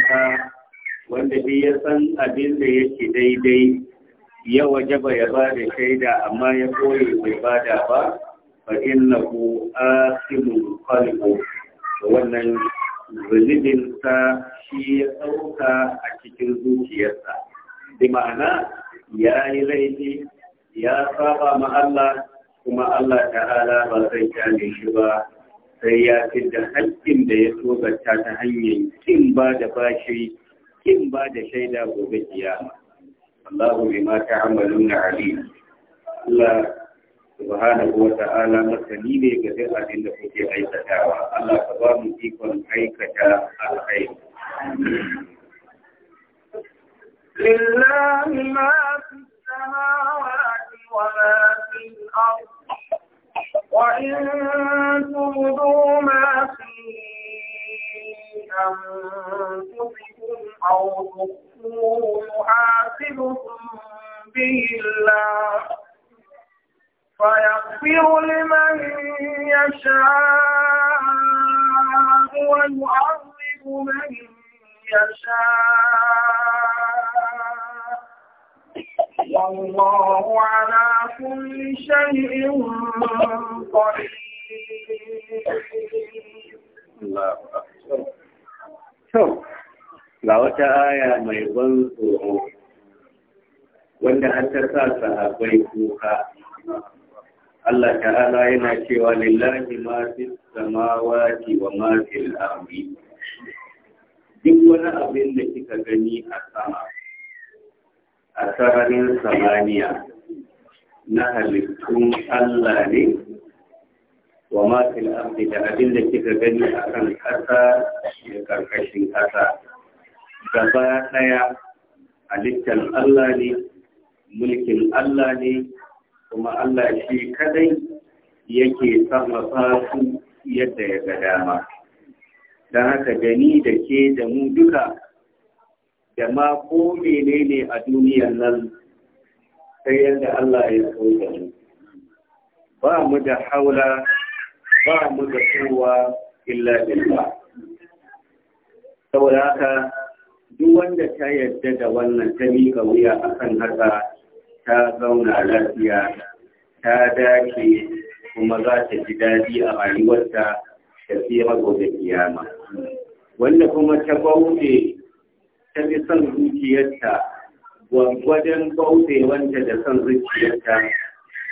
wanda dai ya san abin da yake daidai ya ba ya ba da shaida amma ya koyi bai ba da ba fa inna ku asimul qalbu wannan zunubin shi ya sauka a cikin zuciyarsa bi ma'ana ya yi laifi ya saba ma Allah kuma Allah ta'ala ba zai kyale shi ba sai ya fi da haƙƙin da ya tsogarta ta hanyar kin ba da bashi kin ba da shaida gobe kiyama الله بما تعملون عليم الله سبحانه وتعالى masani كثيرا عند فتي abin da الله aikatawa فيكم ka ba mu لله ما في السماوات وما في الأرض وإن تبدوا ما في أنفسكم أو تخفوه يحاسبكم به الله فيغفر لمن يشاء ويعذب من يشاء والله على كل شيء قدير الله أكبر To, ga wata aya mai ban tsoro wanda an ta sa sahabai kuka. Allah ta'ala yana cewa lillahi ma fi samawati wa ma fil ardi. Duk wani abin da kika gani a sama a sararin samaniya na halittun Allah ne wa fil ardi da abin da kika gani a kan ƙasa da karkashin ƙasa gaba ɗaya halittar Allah ne mulkin Allah ne kuma Allah shi kadai yake sarrafa su yadda ya ga dama don haka gani da ke da mu duka da ma ko menene a duniyar nan sai yadda Allah ya so da mu ba mu da haula ba mu da kowa illa billah saboda haka duk wanda ta yarda da wannan ta miƙa wuya akan haka ta zauna lafiya ta dace kuma za ta ji daɗi a rayuwarta da tsira gobe kiyama wanda kuma ta bauɗe ta fi son zuciyarta gwargwadon wanda da son zuciyarta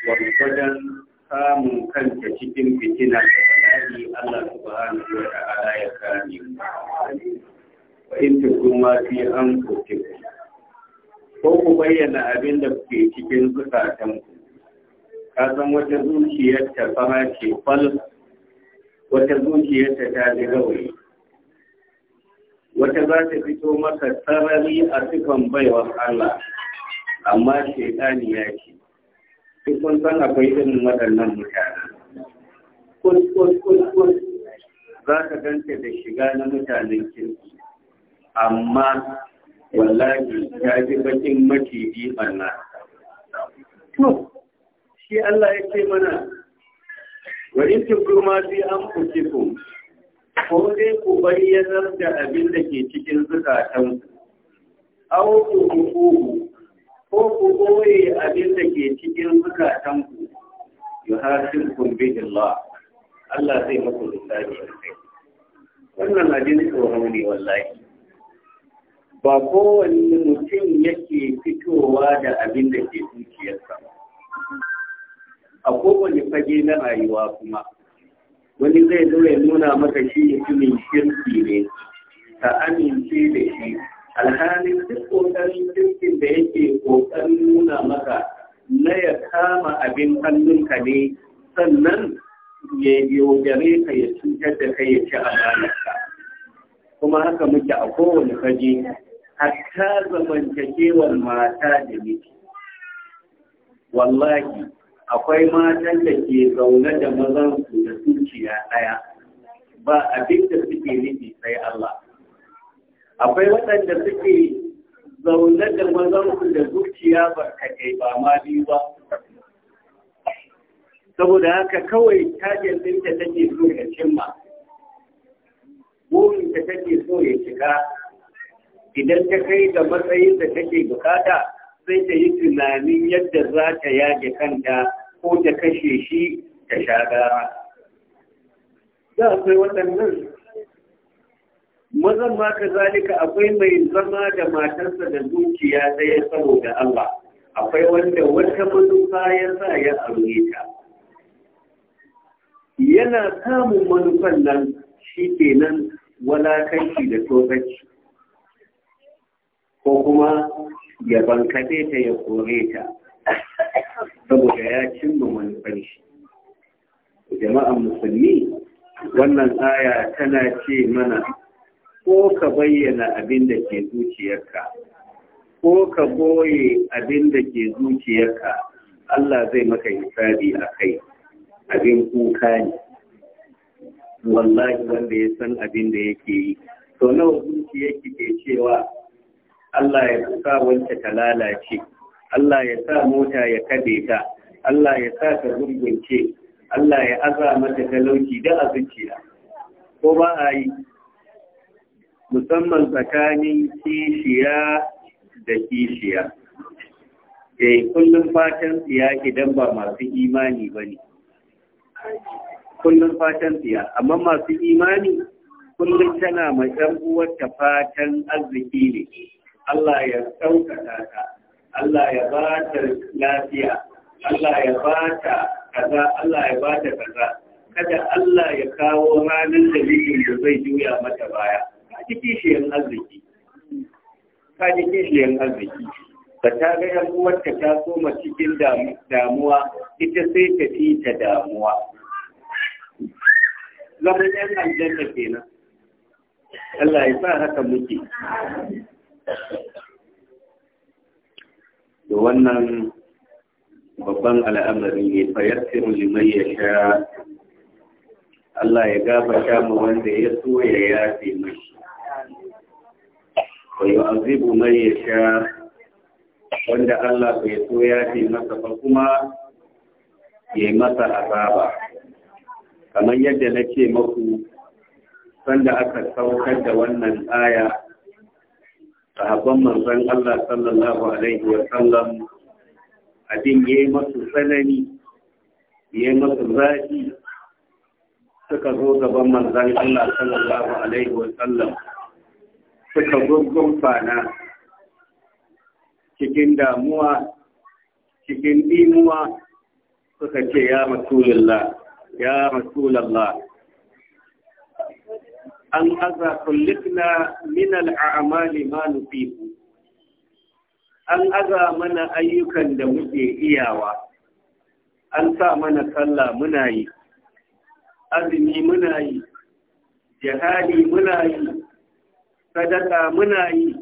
gwargwadon samun kanta cikin fitina ne Allah subhanahu wa ta'ala ya kare mu wa in kuma fi anfusikum ko ku bayyana abin da ke cikin zukatanku ka san wata zuciyar ta fara ce fal wata zuciyar ta ta ji rauni. wata za ta fito maka sarari a cikin baiwar Allah amma shaitani ya ce duk kun san akwai irin waɗannan mutane kus kus kus kus za ka ganta da shiga na mutanen kirki amma wallahi ya ji bakin maciji ɓanna to shi Allah ya ce mana Wani in tukum ma fi ku, ko dai ku bayyanar da abin da ke cikin zukatan ku, ku ko ku ɓoye abin da ke cikin zukatanku yi hasin kumbi Allah Allah zai muku lissafi da kai wannan abin tsoro ne wallahi ba kowane mutum yake fitowa da abin da ke zuciyarsa a kowane fage na rayuwa kuma wani zai zo ya nuna maka shi mutumin shirki ne ta amince da shi alhalin duk kokarin kirkin da yake kokarin nuna maka na ya kama abin hannunka ne sannan ya yogare ka ya cutar da kai ya ci amanarka kuma haka muke a kowane ta hatta zamantakewar mata da miki wallahi akwai matan da ke zaune da mazan su da zuciya ɗaya ba abin da suke nufi sai Allah akwai waɗanda suke zaune da mazanku da zuciya barkatai ba ma biyu ba saboda haka kawai tajin ɗinta take so ya cimma ta take so ya cika idan ta kai da matsayin da take bukata sai ta yi tunanin yadda za ta yage kanta ko ta kashe shi ta sha gara. Za kai waɗannan mazan ma ka zalika akwai mai zama da matarsa da dukiya ɗaya saboda Allah akwai wanda wata manufa ya sa ya aure ta yana samun manufan nan shi kenan walakanci da tokaci ko kuma ya bankade ta ya kore ta saboda ya cimma manufan shi jama'an musulmi wannan aya tana ce mana ko ka bayyana abin da ke zuciyarka ko ka boye abin da ke zuciyarka Allah zai maka hisabi a kai abin kuka ne wallahi wanda ya san abin da yake yi to nawa zuciyarki ke cewa Allah ya sa wancan ta lalace Allah ya sa mota ya kade ta Allah ya sa ta rubunce Allah ya aza mata talauci da a zuciya ko ba a yi musamman tsakanin kishiya da kishiya Ke eh, kullum fatan tsiya idan ba masu imani ba ne kullum fatan tsiya amma masu imani kullum tana mai ɗan uwarta fatan arziki ne Allah ya ɗaukaka ta Allah ya ba ta lafiya Allah ya ba ta kaza Allah ya ba ta kaza kada Allah ya kawo ranar da zai juya mata baya ji arziki ka ji kishiyar arziki ba ta ga yan uwarta ta koma cikin damuwa ita sai ta fi ta damuwa zaman yan aljanna kenan Allah ya sa haka muke da wannan babban al'amari ne fayassiru liman ya sha Allah ya gafata mu wanda ya so ya yafe mashi wa yu'azibu ya sha wanda Allah bai so ya fi masa ba kuma ya masa azaba kamar yadda na ce maku sanda aka saukar da wannan aya sahabban manzon Allah sallallahu alaihi wa sallam abin ya yi masu tsanani ya yi masu zafi suka zo gaban manzan Allah sallallahu Alaihi Sallam. suka gurgun na? cikin damuwa cikin dimuwa suka ce ya rasulullah ya rasulullah an aza kullikna min al'amali ma nufi an aza mana ayyukan da muke iyawa an sa mana sallah muna yi azumi muna yi jihadi muna yi sadaka muna yi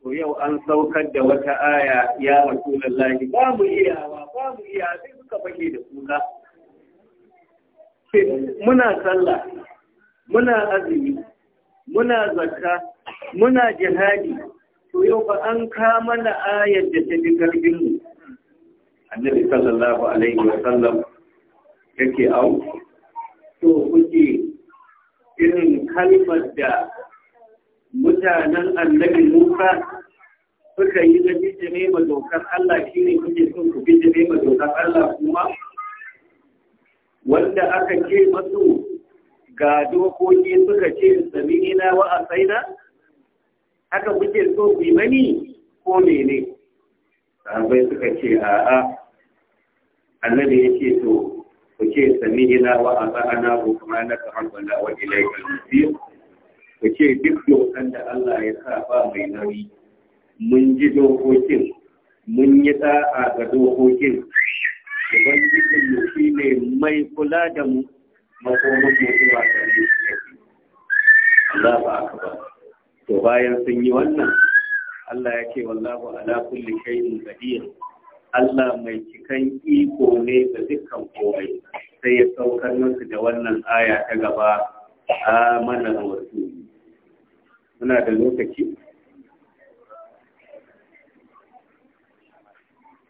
to yau an saukar da wata aya ya rasulullahi ba mu iya ba mu iya sai suka fage da kuka muna sallah muna azumi muna zakka muna jihadi to yau ba an kama da ayar da ta fi karfin mu annabi sallallahu alaihi wa sallam yake au to kuke irin kalmar da mutanen annabi Musa suka yi na bijire ma dokar Allah shi ne kuke son ku bijire ma dokar Allah kuma wanda aka ce masu ga dokoki suka ce samina wa asaina haka kuke so ku yi mani ko mene sahabai suka ce a'a annabi ya ce to ku ce sami'ina wa asaina ko kuma na ka wanda wa ilaikal musir ka ce duk dokan da Allah ya sa ba mai nauyi mun ji dokokin mun yi ɗa'a ga dokokin ubangijin mu shi ne mai kula da mu makomin mu zuwa da Allah ba aka ba to bayan sun yi wannan Allah ya ce wallahu ala kulli shay'in qadir Allah mai cikan iko ne ga dukkan komai sai ya saukar musu da wannan aya ta gaba amana rasuli muna da lokaci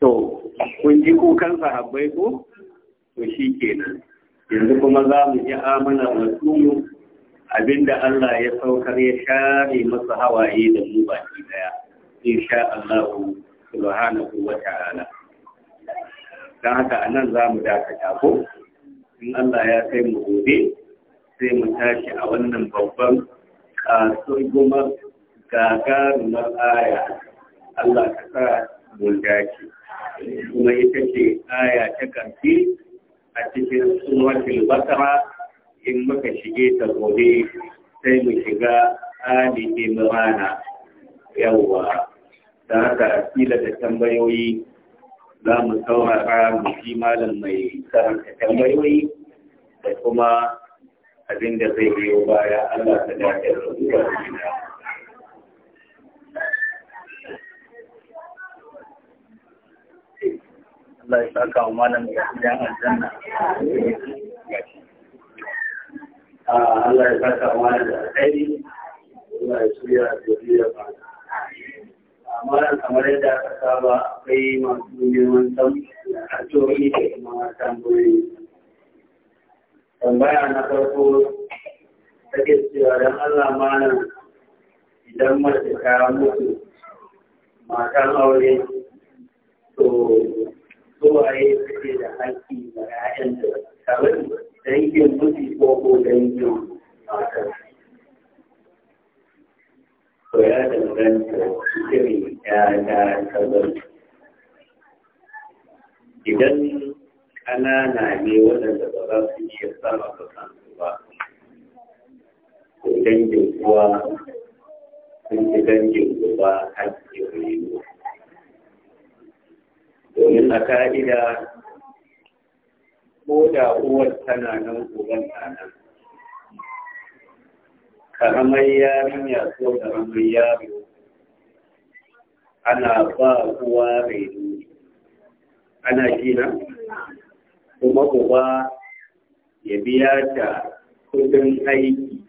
to kun ji kukan sahabbai ko to shi kenan yanzu kuma za mu ji amana masumu abinda Allah ya saukar ya share masa hawaye da mu baki daya insha Allah subhanahu wa ta'ala dan haka anan za mu dakata ko in Allah ya kai mu gobe sai mu tashi a wannan babban kasurgumar gagarumar aya Allah ka sa mulkaki kuma ita ce aya ta karfi a cikin suratul basara in muka shige ta gobe sai mu shiga ali imrana yawwa da haka kila da tambayoyi za mu saurara mu shi malam mai karanta tambayoyi da kuma abin da zai biyo baya Allah ta dace da zuwa gida Allah ya saka wa malam da gidan aljanna ah, Allah ya saka wa malam da alheri Allah ya shirya da biya ba amma ah, kamar yadda aka saba akwai masu neman san a cikin da kuma tambayoyi tambaya na farko take cewa don Allah malam idan mace ta mutu matan aure to zuwaye take da haƙƙi ga 'ya'yanta tare dangin mutu ko ko dangin matan. To ya danganta shirin ya ta tabar. Idan ƙanana ne waɗanda ba za su iya sama da kansu ba ko dangin kuwa sun ci dangin uba har ke rayuwa domin a ka'ida ko da uwar tana nan uban na nan karamar yarinya ko karamar yaro ana ba uwa rainu ana gina kuma uba ya biya ta kudin aiki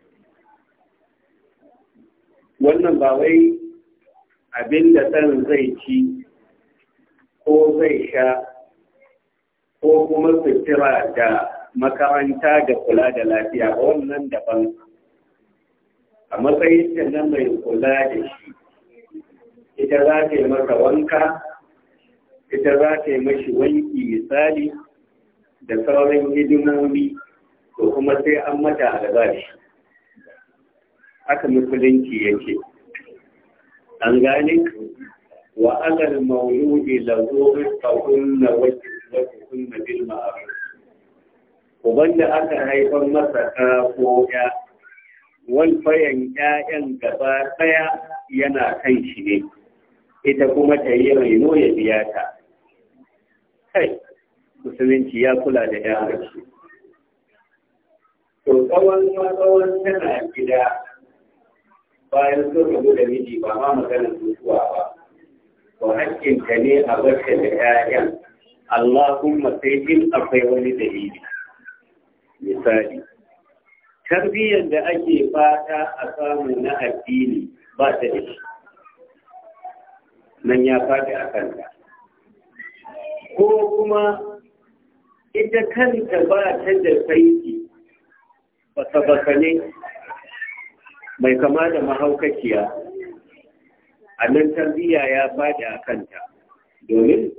wannan ba wai abin da ɗan zai ci ko zai sha ko kuma sutura da makaranta da kula da lafiya wannan daban a matsayin da na mai kula da shi ita za ta yi masa wanka ita za ta yi mashi wanki misali da sauran hidimomi to kuma sai an mata albashi Aka musulunci yake an gane wa alal mauludi kunna rizqahunna wa rizqahunna bil ma'ruf uban da aka haifar masa ɗa ko ya bayan ƴaƴan gaba ɗaya yana kan shi ne ita kuma ta yi raino ya biya ta musulunci ya kula da ya mace to tsawon tsawon tana gida bayan sun rabu da miji ba ma magana mutuwa ba hakkin ka ne a barka da 'ya'yan Allahumma sai in akwai wani dalili misali tarbiyyar da ake fata a samun na addini ba ta da shi nan ya faɗi a kanta ko kuma ita kanta ba ta da saiki ba ne mai kama da mahaukaciya a nan tarbiyya ya faɗi a kanta domin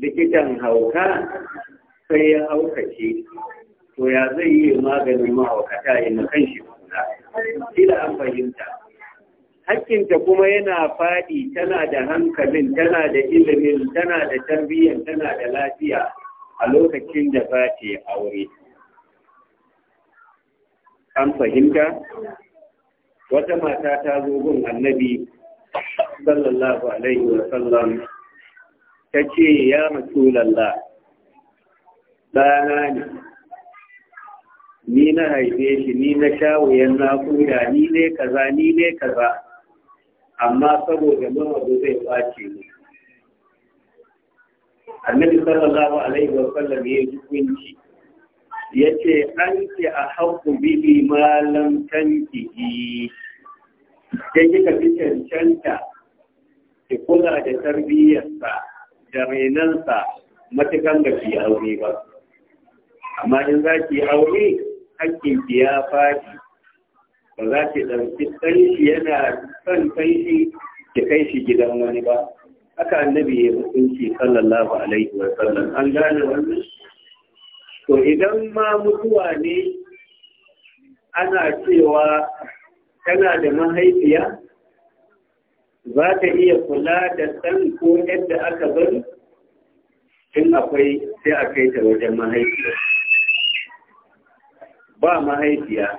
likitan hauka sai ya haukace to ya zai yi maganin mahaukata ya kan shi kuna kila an fahimta hakkinta kuma yana faɗi tana da hankalin tana da ilimin tana da tarbiyyar tana da lafiya a lokacin da za ta aure. An fahimta? Wata mata ta zo gun annabi sallallahu Alaihi wasallam ta ce, Ya Rasulallah, ɗana ne, ni na haife shi, ni na shawayen nakuda, ni ne kaza, ni ne kaza, amma saboda mawa zai ɓace ni. annabi sallallahu alaihi wa sallam ya ji kunci yace anti a haqqu bihi malam tanki tankihi sai kika fi cancanta ki kula da tarbiyyarsa da renansa matukan da ki aure ba amma in za ki aure hakkin ki ya fadi. ba za ki ɗauki shi yana son shi ki kai shi gidan wani ba Aka annabi ya mutunci sallallahu alaihi wa sallam an gane wannan to idan ma mutuwa ne ana cewa tana da mahaifiya za ta iya kula da ɗan ko yadda aka bari in akwai sai a kai ta wajen mahaifiya ba mahaifiya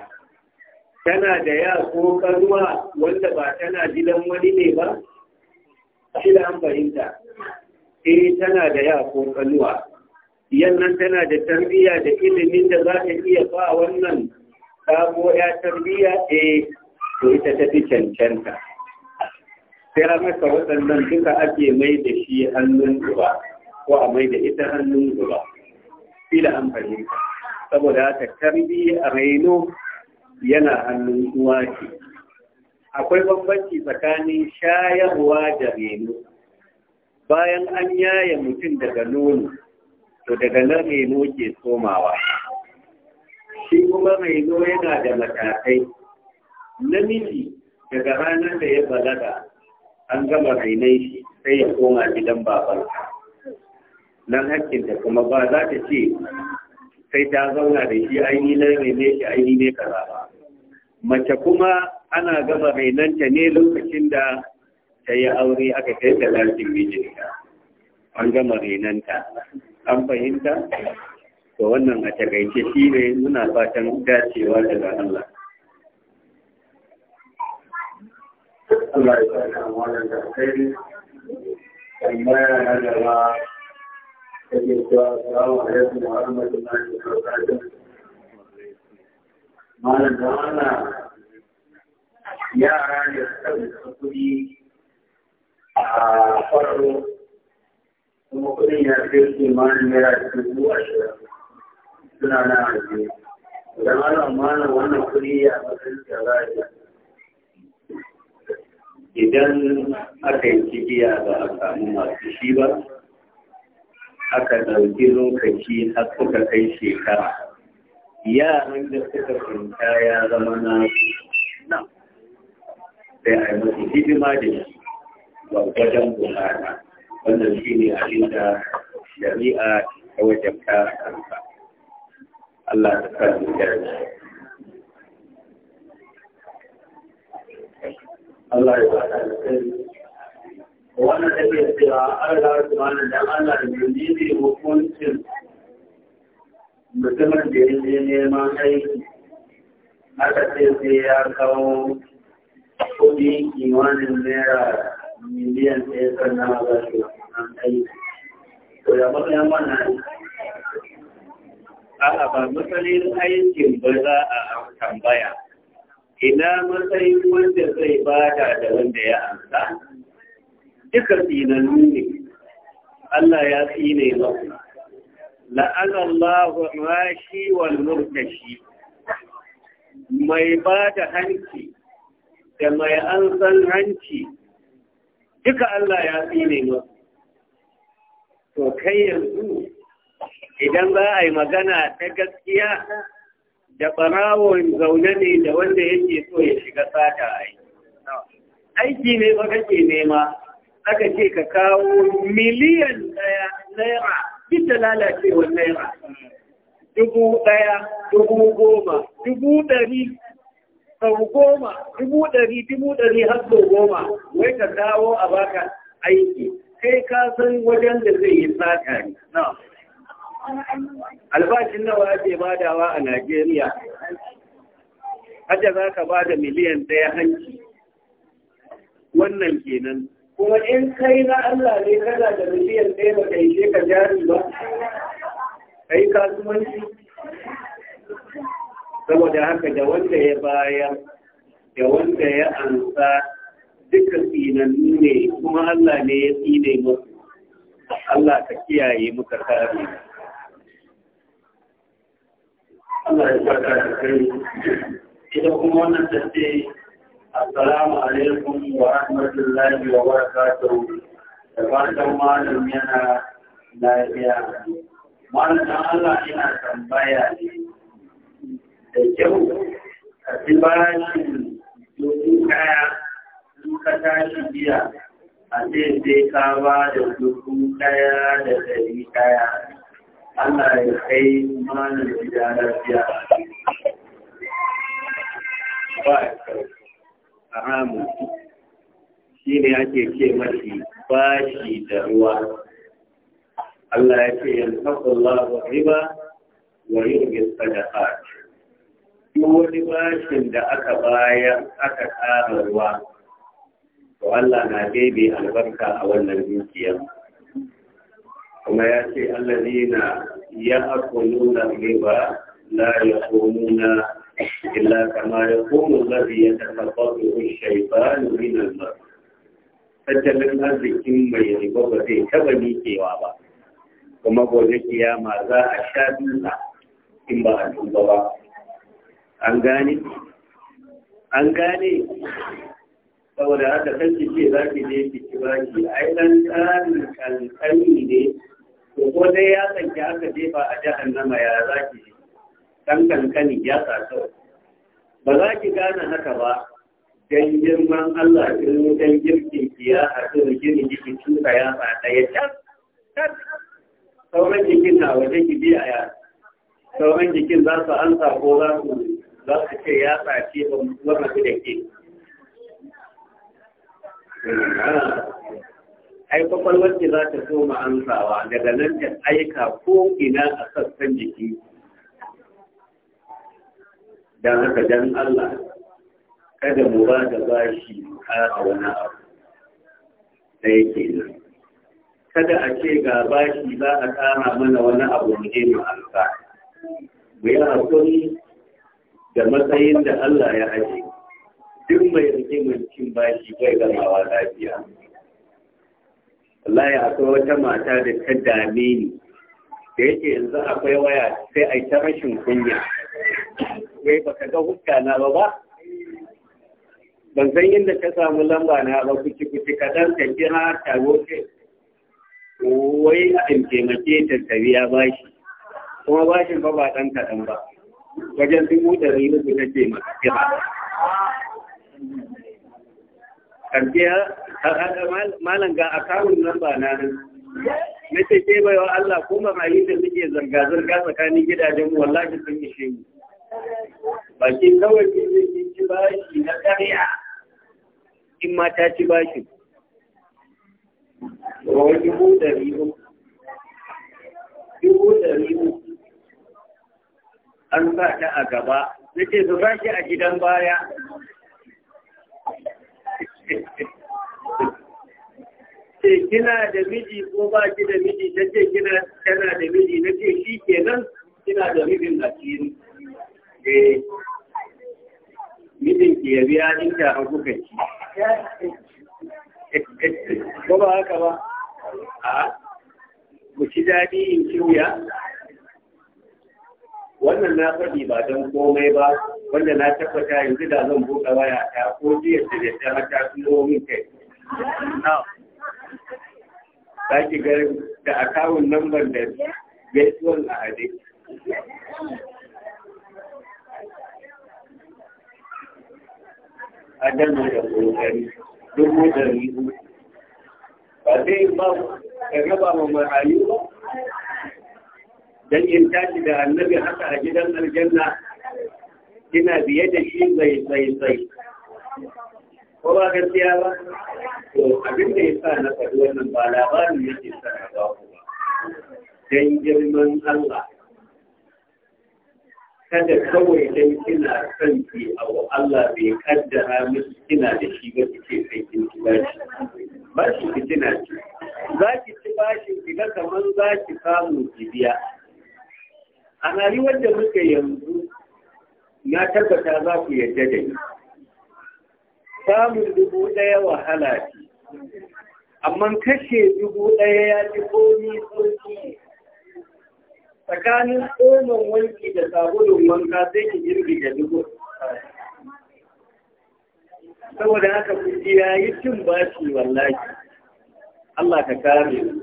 tana da ya ko karuwa wanda ba tana gidan wani ne ba kila an fahimta eh tana da ya ko kalluwa yannan tana da tarbiyya da ilimin da za ta iya ba wannan sabo ya tarbiyya eh to ita ta fi cancanta sai a masa waɗannan duka ake mai da shi hannun guba ko a mai da ita hannun guba kila an fahimta saboda haka tarbiyya a raino yana hannun uwa ce akwai bambanci tsakanin shayarwa da reno bayan an yaye mutum daga nono to daga nan reno ke somawa shi kuma reno yana da matakai namiji daga ranar da ya balaga an gama rainon shi sai ya koma gidan babansa nan hakkinta kuma ba za ta ce sai ta zauna da shi aini na rene shi aini ne kaza ba mace kuma ana gama rainanta ne lokacin da ta yi aure aka kai ta lafin mijinta an gama rainanta an fahimta to wannan a takaice shi ne muna fatan dacewa daga Allah Allah ya da kai na malam da yara ne su kuɗi a farko kuma kuɗin ya fi kimanin naira dubu ashirin suna na ajiye. Idan ana mana wannan kuɗi a matsayin da idan aka yi cikiya ba a samu masu shi ba, aka ɗauki lokaci har suka kai shekara. Yaran da suka kunta ya zama na sai a yi musu hidima da shi wajen bukata wannan shi ne abin da shari'a ta wajen ta kansa Allah ta sa mu yarda Allah ya ba ta wannan da ke cewa an ga subhanahu da Allah da ne ne hukuncin mutumin da ya je neman aiki aka ce sai ya kawo kuɗi imanin naira miliyan ɗaya sannan a ba shi wannan aiki. To da matsayin ne. A'a ba matsayin aikin ba za a tambaya. Ina matsayin wanda zai bada da wanda ya amsa? Duka tsinannu ne. Allah ya tsine masu. La'an Allah wa rashi wal murtashi. Mai ba da hanki da mai an san hanci duka Allah ya tsine masu to kai yanzu idan za a yi magana ta gaskiya da ɓarawon zaune ne da wanda yake so ya shiga sata aiki aiki ne ba kake nema aka ce ka kawo miliyan ɗaya naira duk lalacewa naira dubu ɗaya dubu goma dubu ɗari sau goma dubu ɗari dubu ɗari har sau goma wai ka dawo a baka aiki kai ka san wajen da zai yi sata ne albashin nawa ake badawa a Najeriya hajja za ka bada miliyan ɗaya hanci wannan kenan kuma in kai na Allah ne kana da miliyan ɗaya ba kai ka jari ba kai kasuwanci saboda haka da wanda ya bayar da wanda ya ansa duka tsinannu ne kuma Allah ne ya tsine musu Allah ka kiyaye muka kare Allah ya saka da kai ita kuma wannan tafiye assalamu alaikum wa rahmatullahi wa barakatuh da fatan malam yana lafiya malam Allah ina tambaya ne da kyau a ci bashin dubu ɗaya in ka tashi biya a ce sai ka ba da dubu ɗaya da ɗari ɗaya Allah ya kai malam gida lafiya ba haramu shi ne ake ce mashi bashi da ruwa Allah ya ce yanzu haƙullahu riba wa yin sadaqat wani bashin da aka bayar aka tsara ruwa to Allah na bebe albarka a wannan dukiya kuma ya ce na ya na riba la na illa kama yaqumu alladhi yatafaqqahu ash-shaytanu min al ba. tattalin arzikin mai riba ba zai taba miƙewa ba kuma gobe kiyama za a sha duna in ba a duba ba an gane an gane saboda haka kanki ce za ki je ki ci ki ai dan tsarin kankani ne to ko dai ya tsanki aka jefa a jahannama ya za ki je dan kankani ya tsasa ba za ki gane haka ba dan girman Allah in dan girkin ki ya haɗu da gini ki tuka ya ta ya ta sauran jikin na waje ki biya ya sauran jikin za su ansa ko za su za ka ce ya tsace ba mutuwar mafi da ke ai kwakwalwar za ta koma amsawa daga nan ta aika ko ina a sassan jiki don haka don Allah kada mu ba da bashi a wani abu da yake nan kada a ce ga bashi za a kara mana wani abu mu je mu alfa mu yi hakuri da matsayin da Allah ya haji, duk mai rikimin cin bashi bai gamawa lafiya ya akwai wata mata da ta dame ni da yake yanzu akwai waya sai a ta rashin kunya wai baka ga hukka na ba ba ban san inda ta samu lamba na ba kuci kuci ɗan ta kira ta wai a in taimake ta tafiya bashi kuma bashin ba ba ɗan kaɗan ba wajen dubu ɗari su na ce maka kira. Karfe malam ga akawun nan ba na nan. Na ce ke baiwa Allah ko marayu da muke zarga-zarga tsakanin gidajen wallahi sun yi mu. Baki kawai ke zai ci bashi na ƙarya in ma ta ci bashi. Wani dubu ɗari uku. Dubu da uku. an sa ta a gaba nake su ba shi a gidan baya ce kina da miji ko ba ki da miji ta ce kina tana da miji na ce shi ke nan? kina da mijin a cikin eh mijin ki ya biya in ta an kuka ci ko ba haka ba a ku ci daɗi in ci wuya wannan na faɗi ba don komai ba wanda na tabbata yanzu da zan buɗe waya ta ko jiya da ya ta mata tuno min kai za ki ga da akawun nambar da gaisuwan a hade adamu da kokari dubu da ribu ba zai ba ka raba ma marayu ba dan in tashi da annabi haka a gidan aljanna ina biye da shi zai zai zai ko ba gaskiya ba to abin da yasa na faɗi wannan ba labarin yake sana ba ku ba dan girman Allah kada kawai dan kina son ki abu Allah bai kaddara miki kina da shi ba kike sai kin ci bashi bashi ki kina ci za ki ci bashin ki ga kaman za ki samu ki biya a rayuwar da muka yanzu na tabbata za ku yadda da ni samun dubu ɗaya wahala ce amma kashe dubu ɗaya ya fi komi sauki tsakanin tsohon wanki da sabulun wanka sai ki girgi da dubu saboda haka ku ji yayi cin bashi wallahi Allah ka kare mu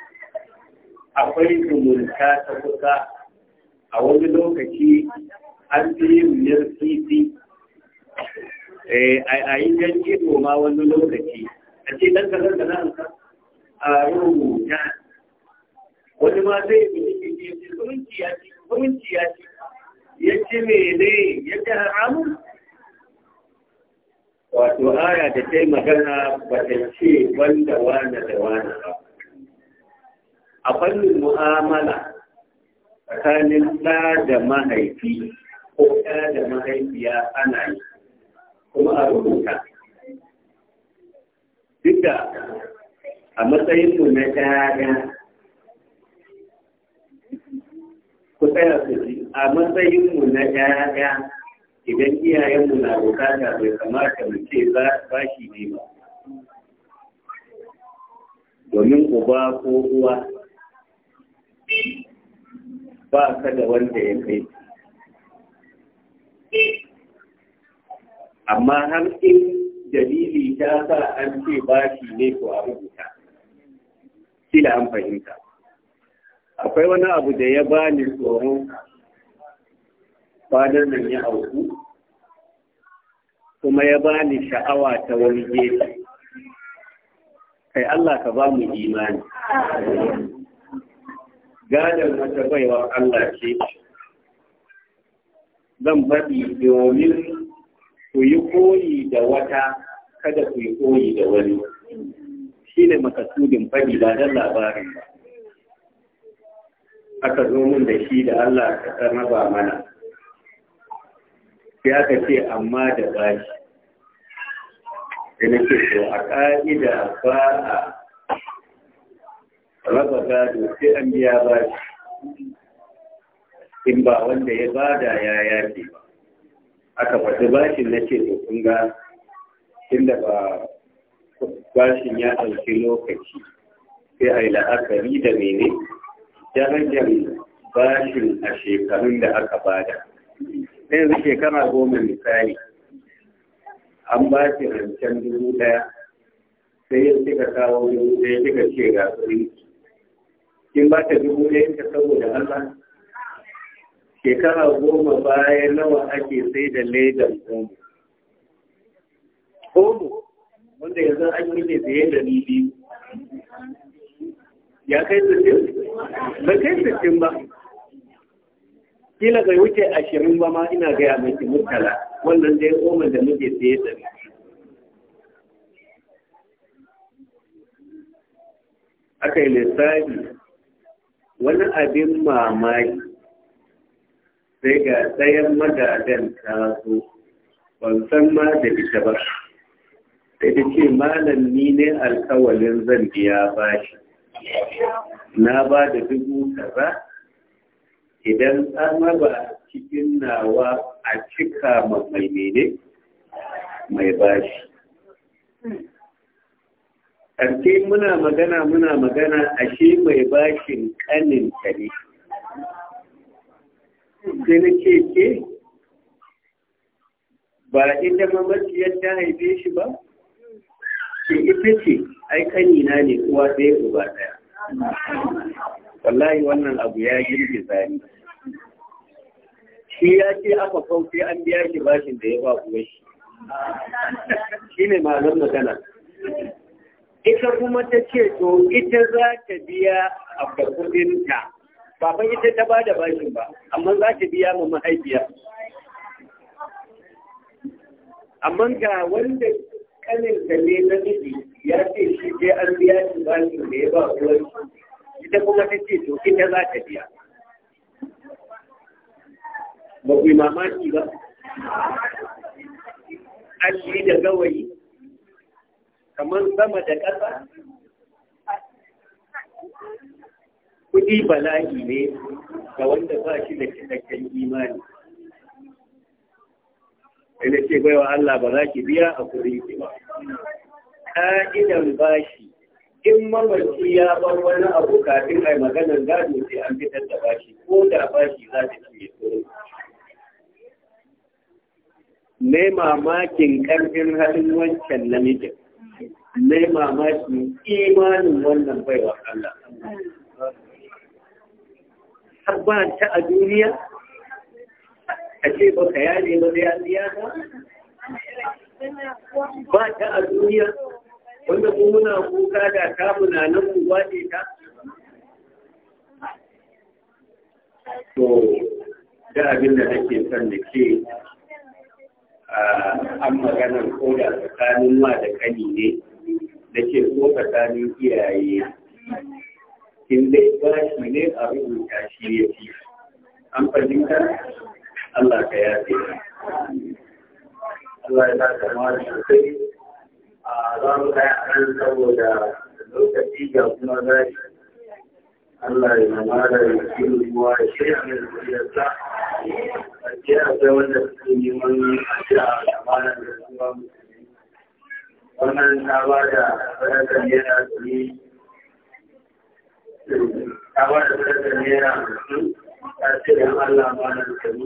akwai zumunta ta kusa a wani lokaci an fi yin mirfifi eh, a yi jan ido ma wani lokaci a ce ɗan kasar da nan a rubuta wani ma zai fi yi ce zumunci ya ce zumunci ya ce ya ce mene ya ce haramun wato aya da ta yi magana ba ta ce wanda wane da wane ba a fannin mu'amala tsakanin ɗa da mahaifi ko ɗa da mahaifiya ana yi kuma a rubuta duk da a matsayinmu na ɗaya ku tsaya su ji a matsayinmu na ɗaya idan iyayenmu na bukata bai kamata mu ce ba shi ne ba domin uba ko uwa ba ka da wanda ya kai amma har in dalili ta sa an ce bashi ne ko a rubuta shi an fahimta akwai wani abu da ya bani tsoron fadar nan ya auku kuma ya bani sha'awa ta wani gefe kai Allah ka ba mu imani gadon wata baiwar Allah ce zan faɗi domin ku yi koyi da wata kada ku yi koyi da wani shi ne makasudin faɗi ba don labarin ba aka zo min da shi da Allah ka ba mana ya ka ce amma da bashi da nake so a ƙa'ida ba a raba gado sai an biya ba in ba wanda ya bada ya yafe ba aka faɗi bashin na ce to kun ga inda ba bashin ya ɗauki lokaci sai a yi la'akari da mene darajar bashin a shekarun da aka bada yanzu shekara goma misali an ba shi rancen dubu ɗaya sai ya kika kawo dubu ɗaya kika ce ga kin ba ta dubu ɗaya ta saboda Allah shekara goma baya nawa ake sai da ledan omo omo wanda yanzu an yi ne da da ni biyu ya kai sittin ba kai sittin ba kila bai wuce ashirin ba ma ina gaya miki mutala wannan dai omo da muke saye da aka yi lissafi wani abin mamaki sai ga tsayen magadan ta zo ban san ma da ita ba sai da ce malam ni ne alkawalin zan biya bashi na ba da dubu kaza idan an raba cikin nawa a cika mai mene mai bashi ƙarfe muna magana muna magana ashe mai bashin kanin kare sai na ce ke ba inda mamaciyar ta haife shi ba ke ita ce ai kanina ne uwa ɗaya uba ɗaya wallahi wannan abu ya girgiza zari shi ya ce aka kauce an biya shi bashin da ya ba kuwa shi shi ne malam magana ita kuma ta ce to ita za ta biya a kudinta ba ba ita ta ba da bashin ba amma za ta biya ma mahaifiya amma ga wanda kanin ta ne na miji ya ce shi je an biya shi bashin da ya ba ruwan ita kuma ta ce to ita za ta biya ba ku mamaki ba an da gawayi kamar sama da ƙasa kuɗi bala'i ne ga wanda ba shi da cikakken imani ina ce baiwa Allah ba za ki biya a kuɗi ki ba ka'idan bashi in mamarci ya bar wani abu kafin ai maganar gado sai an fitar da bashi ko da bashi za ta ce ne mamakin ƙarfin halin wancan namijin na yi mamaki imanin wannan baiwa Allah. Tabba ta a duniya, a ce ba ka yare ba zai asiya ba? Ba ta a duniya, wanda kuma muna kuka da ta muna nan kuwa ce ta? To, da abin da nake son da ke ah, an maganar koda tsakanin ma da kani ne. da ke so tsakanin iyaye Kin dai ba shi ne a rubuta shi ya fi an fahimta Allah ka yafe Allah ya ta ma sosai a za mu kai an saboda lokaci ga kuma zai Allah ya zama da rikin ruwa shirya mai zuriyarsa a kira sai wanda suke neman a kira a da kuma wannan ta ba da sadakar naira ɗari ta ba da sadakar naira hamsin ta ce don Allah ba na da kami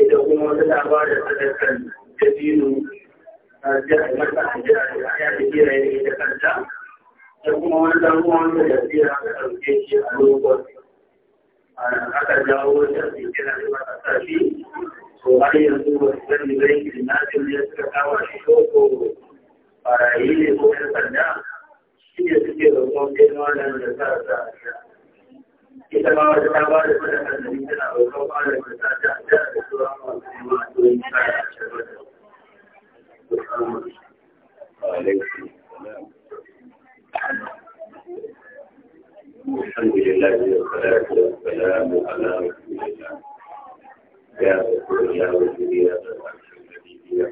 ita kuma wata ta ba da sadakar dabino ta ce a mata a ji a ya ta kira ya ita kanta ta kuma wani ɗan ruwa wanda da tsira aka ɗauke shi a lokacin aka jawo wata kira da ba a to har yanzu ba yi sani bai kirina ne suka kawo shi ko barayi ne ko yan sanda shi ne suke roƙon irin wannan da sa sa ita ma wata ta ba a kuɗin annabi tana roƙon malam da sa ta ta da sauran masu neman addu'o'i ba ya tabbata. الحمد لله والصلاة والسلام على رسول الله يا رسول الله وسيدي يا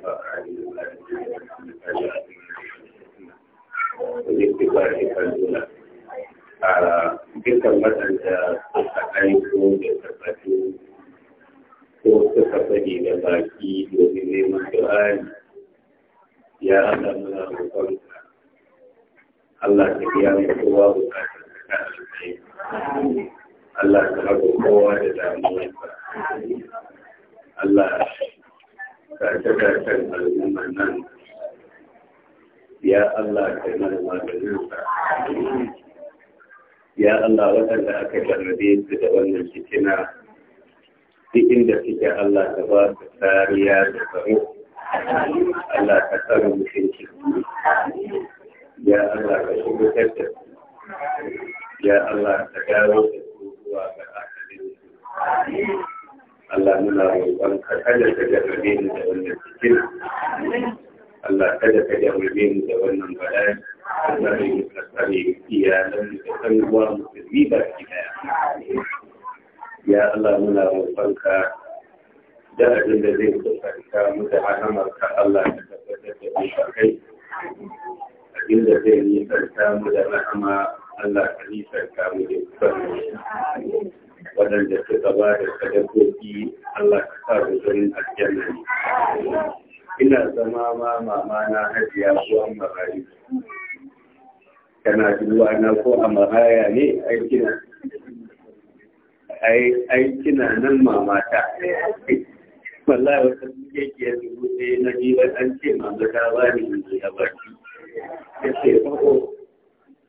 ittifaqi a dukkan waɗanda suka da suka da baki domin neman du'ani ya Allah muna roƙonka Allah ka biya mu ka ta alkhairi Allah kowa da damuwarsa Allah ka ta nan يا الله كمال ما يا الله وتعالى أكبر مدين في دولنا الجتنا في إندك يا الله تبارك الثاريا تبارك الله تبارك مخير يا الله رسول كتب يا الله تجاوز الموضوع بآخرين الله منا وانك حجة كبير مدين في دولنا الجتنا Allah kada ka jarrabe mu da wannan bala'i Allah ya yi tsare iyalan da kan uwa musulmi ba ki daya ya Allah muna roƙonka da abin da zai kusanta mu da alamar ka Allah ka tabbatar da mu kai abin da zai nisanta mu da rahama Allah ka nisanta mu da kusanci waɗanda suka ba da sadakoki Allah ka sa su ganin aljanna ne ina zama ma mama na hajiya ko an marayu tana duba na ko a maraya ne aikina aikina nan mamata wallahi wata yake ya yanzu ɗaya na jiwa an ce mama ta ba ni yanzu da baki ya ce ƙaho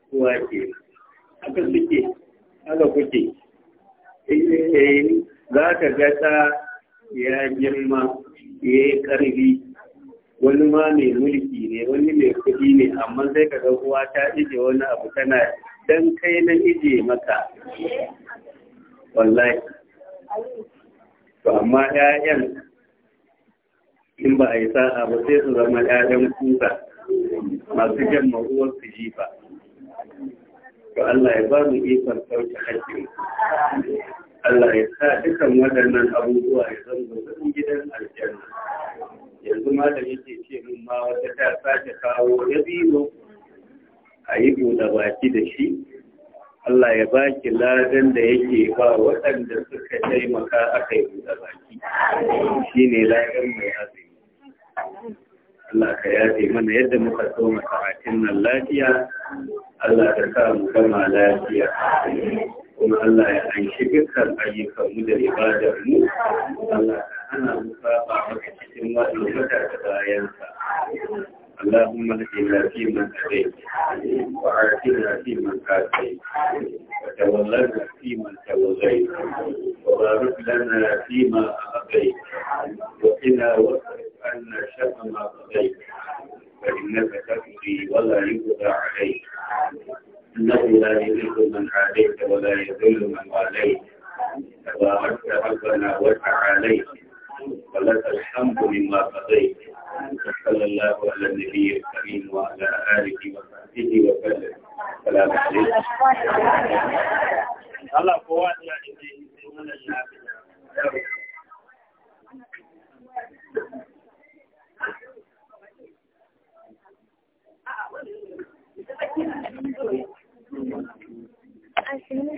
kuwa ke haka suke haka kuke eh, eh, eh, za ka gata ya girma ya yi ƙarfi wani ma mai mulki ne wani mai kuɗi ne amma sai ka ga uwa ta ije wani abu tana dan kai na ije maka wallahi to amma 'ya'yan in ba a yi sa'a ba sai su zama 'ya'yan kuka masu jan ma'uwar su ba. to Allah ya ba mu ikon sauke hakkin Allah ya sa dukkan waɗannan abubuwa ya zama gidan aljanna yanzu malam yake ce min ma wata ta sake kawo dabino a yi buɗe baki da shi Allah ya baki ladan da yake ba waɗanda suka taimaka aka yi buɗe baki shi ne ladan mai azumi Allah ka yafe mana yadda muka so masa'atin nan lafiya Allah ka sa mu gama lafiya kuma Allah ya anshi dukkan ayyukan mu da ibadar mu Allah ka hana mu saba maka cikin wannan wata da bayansa اللهم اهدنا فيمن هديت وعافنا فيمن عافيت وتولنا فيمن توليت وبارك لنا فيما اعطيت وقنا واصرف عنا شر ما قضيت فانك تقضي ولا يقضى عليك إنه لا يذل من عليك ولا يذل من عليك تباركت ربنا وتعاليت ولك الحمد مما قضيت صلى الله على النبي الكريم وعلى آله وصحبه وسلم سلام عليكم الله قوات يا Thank you. 二十了。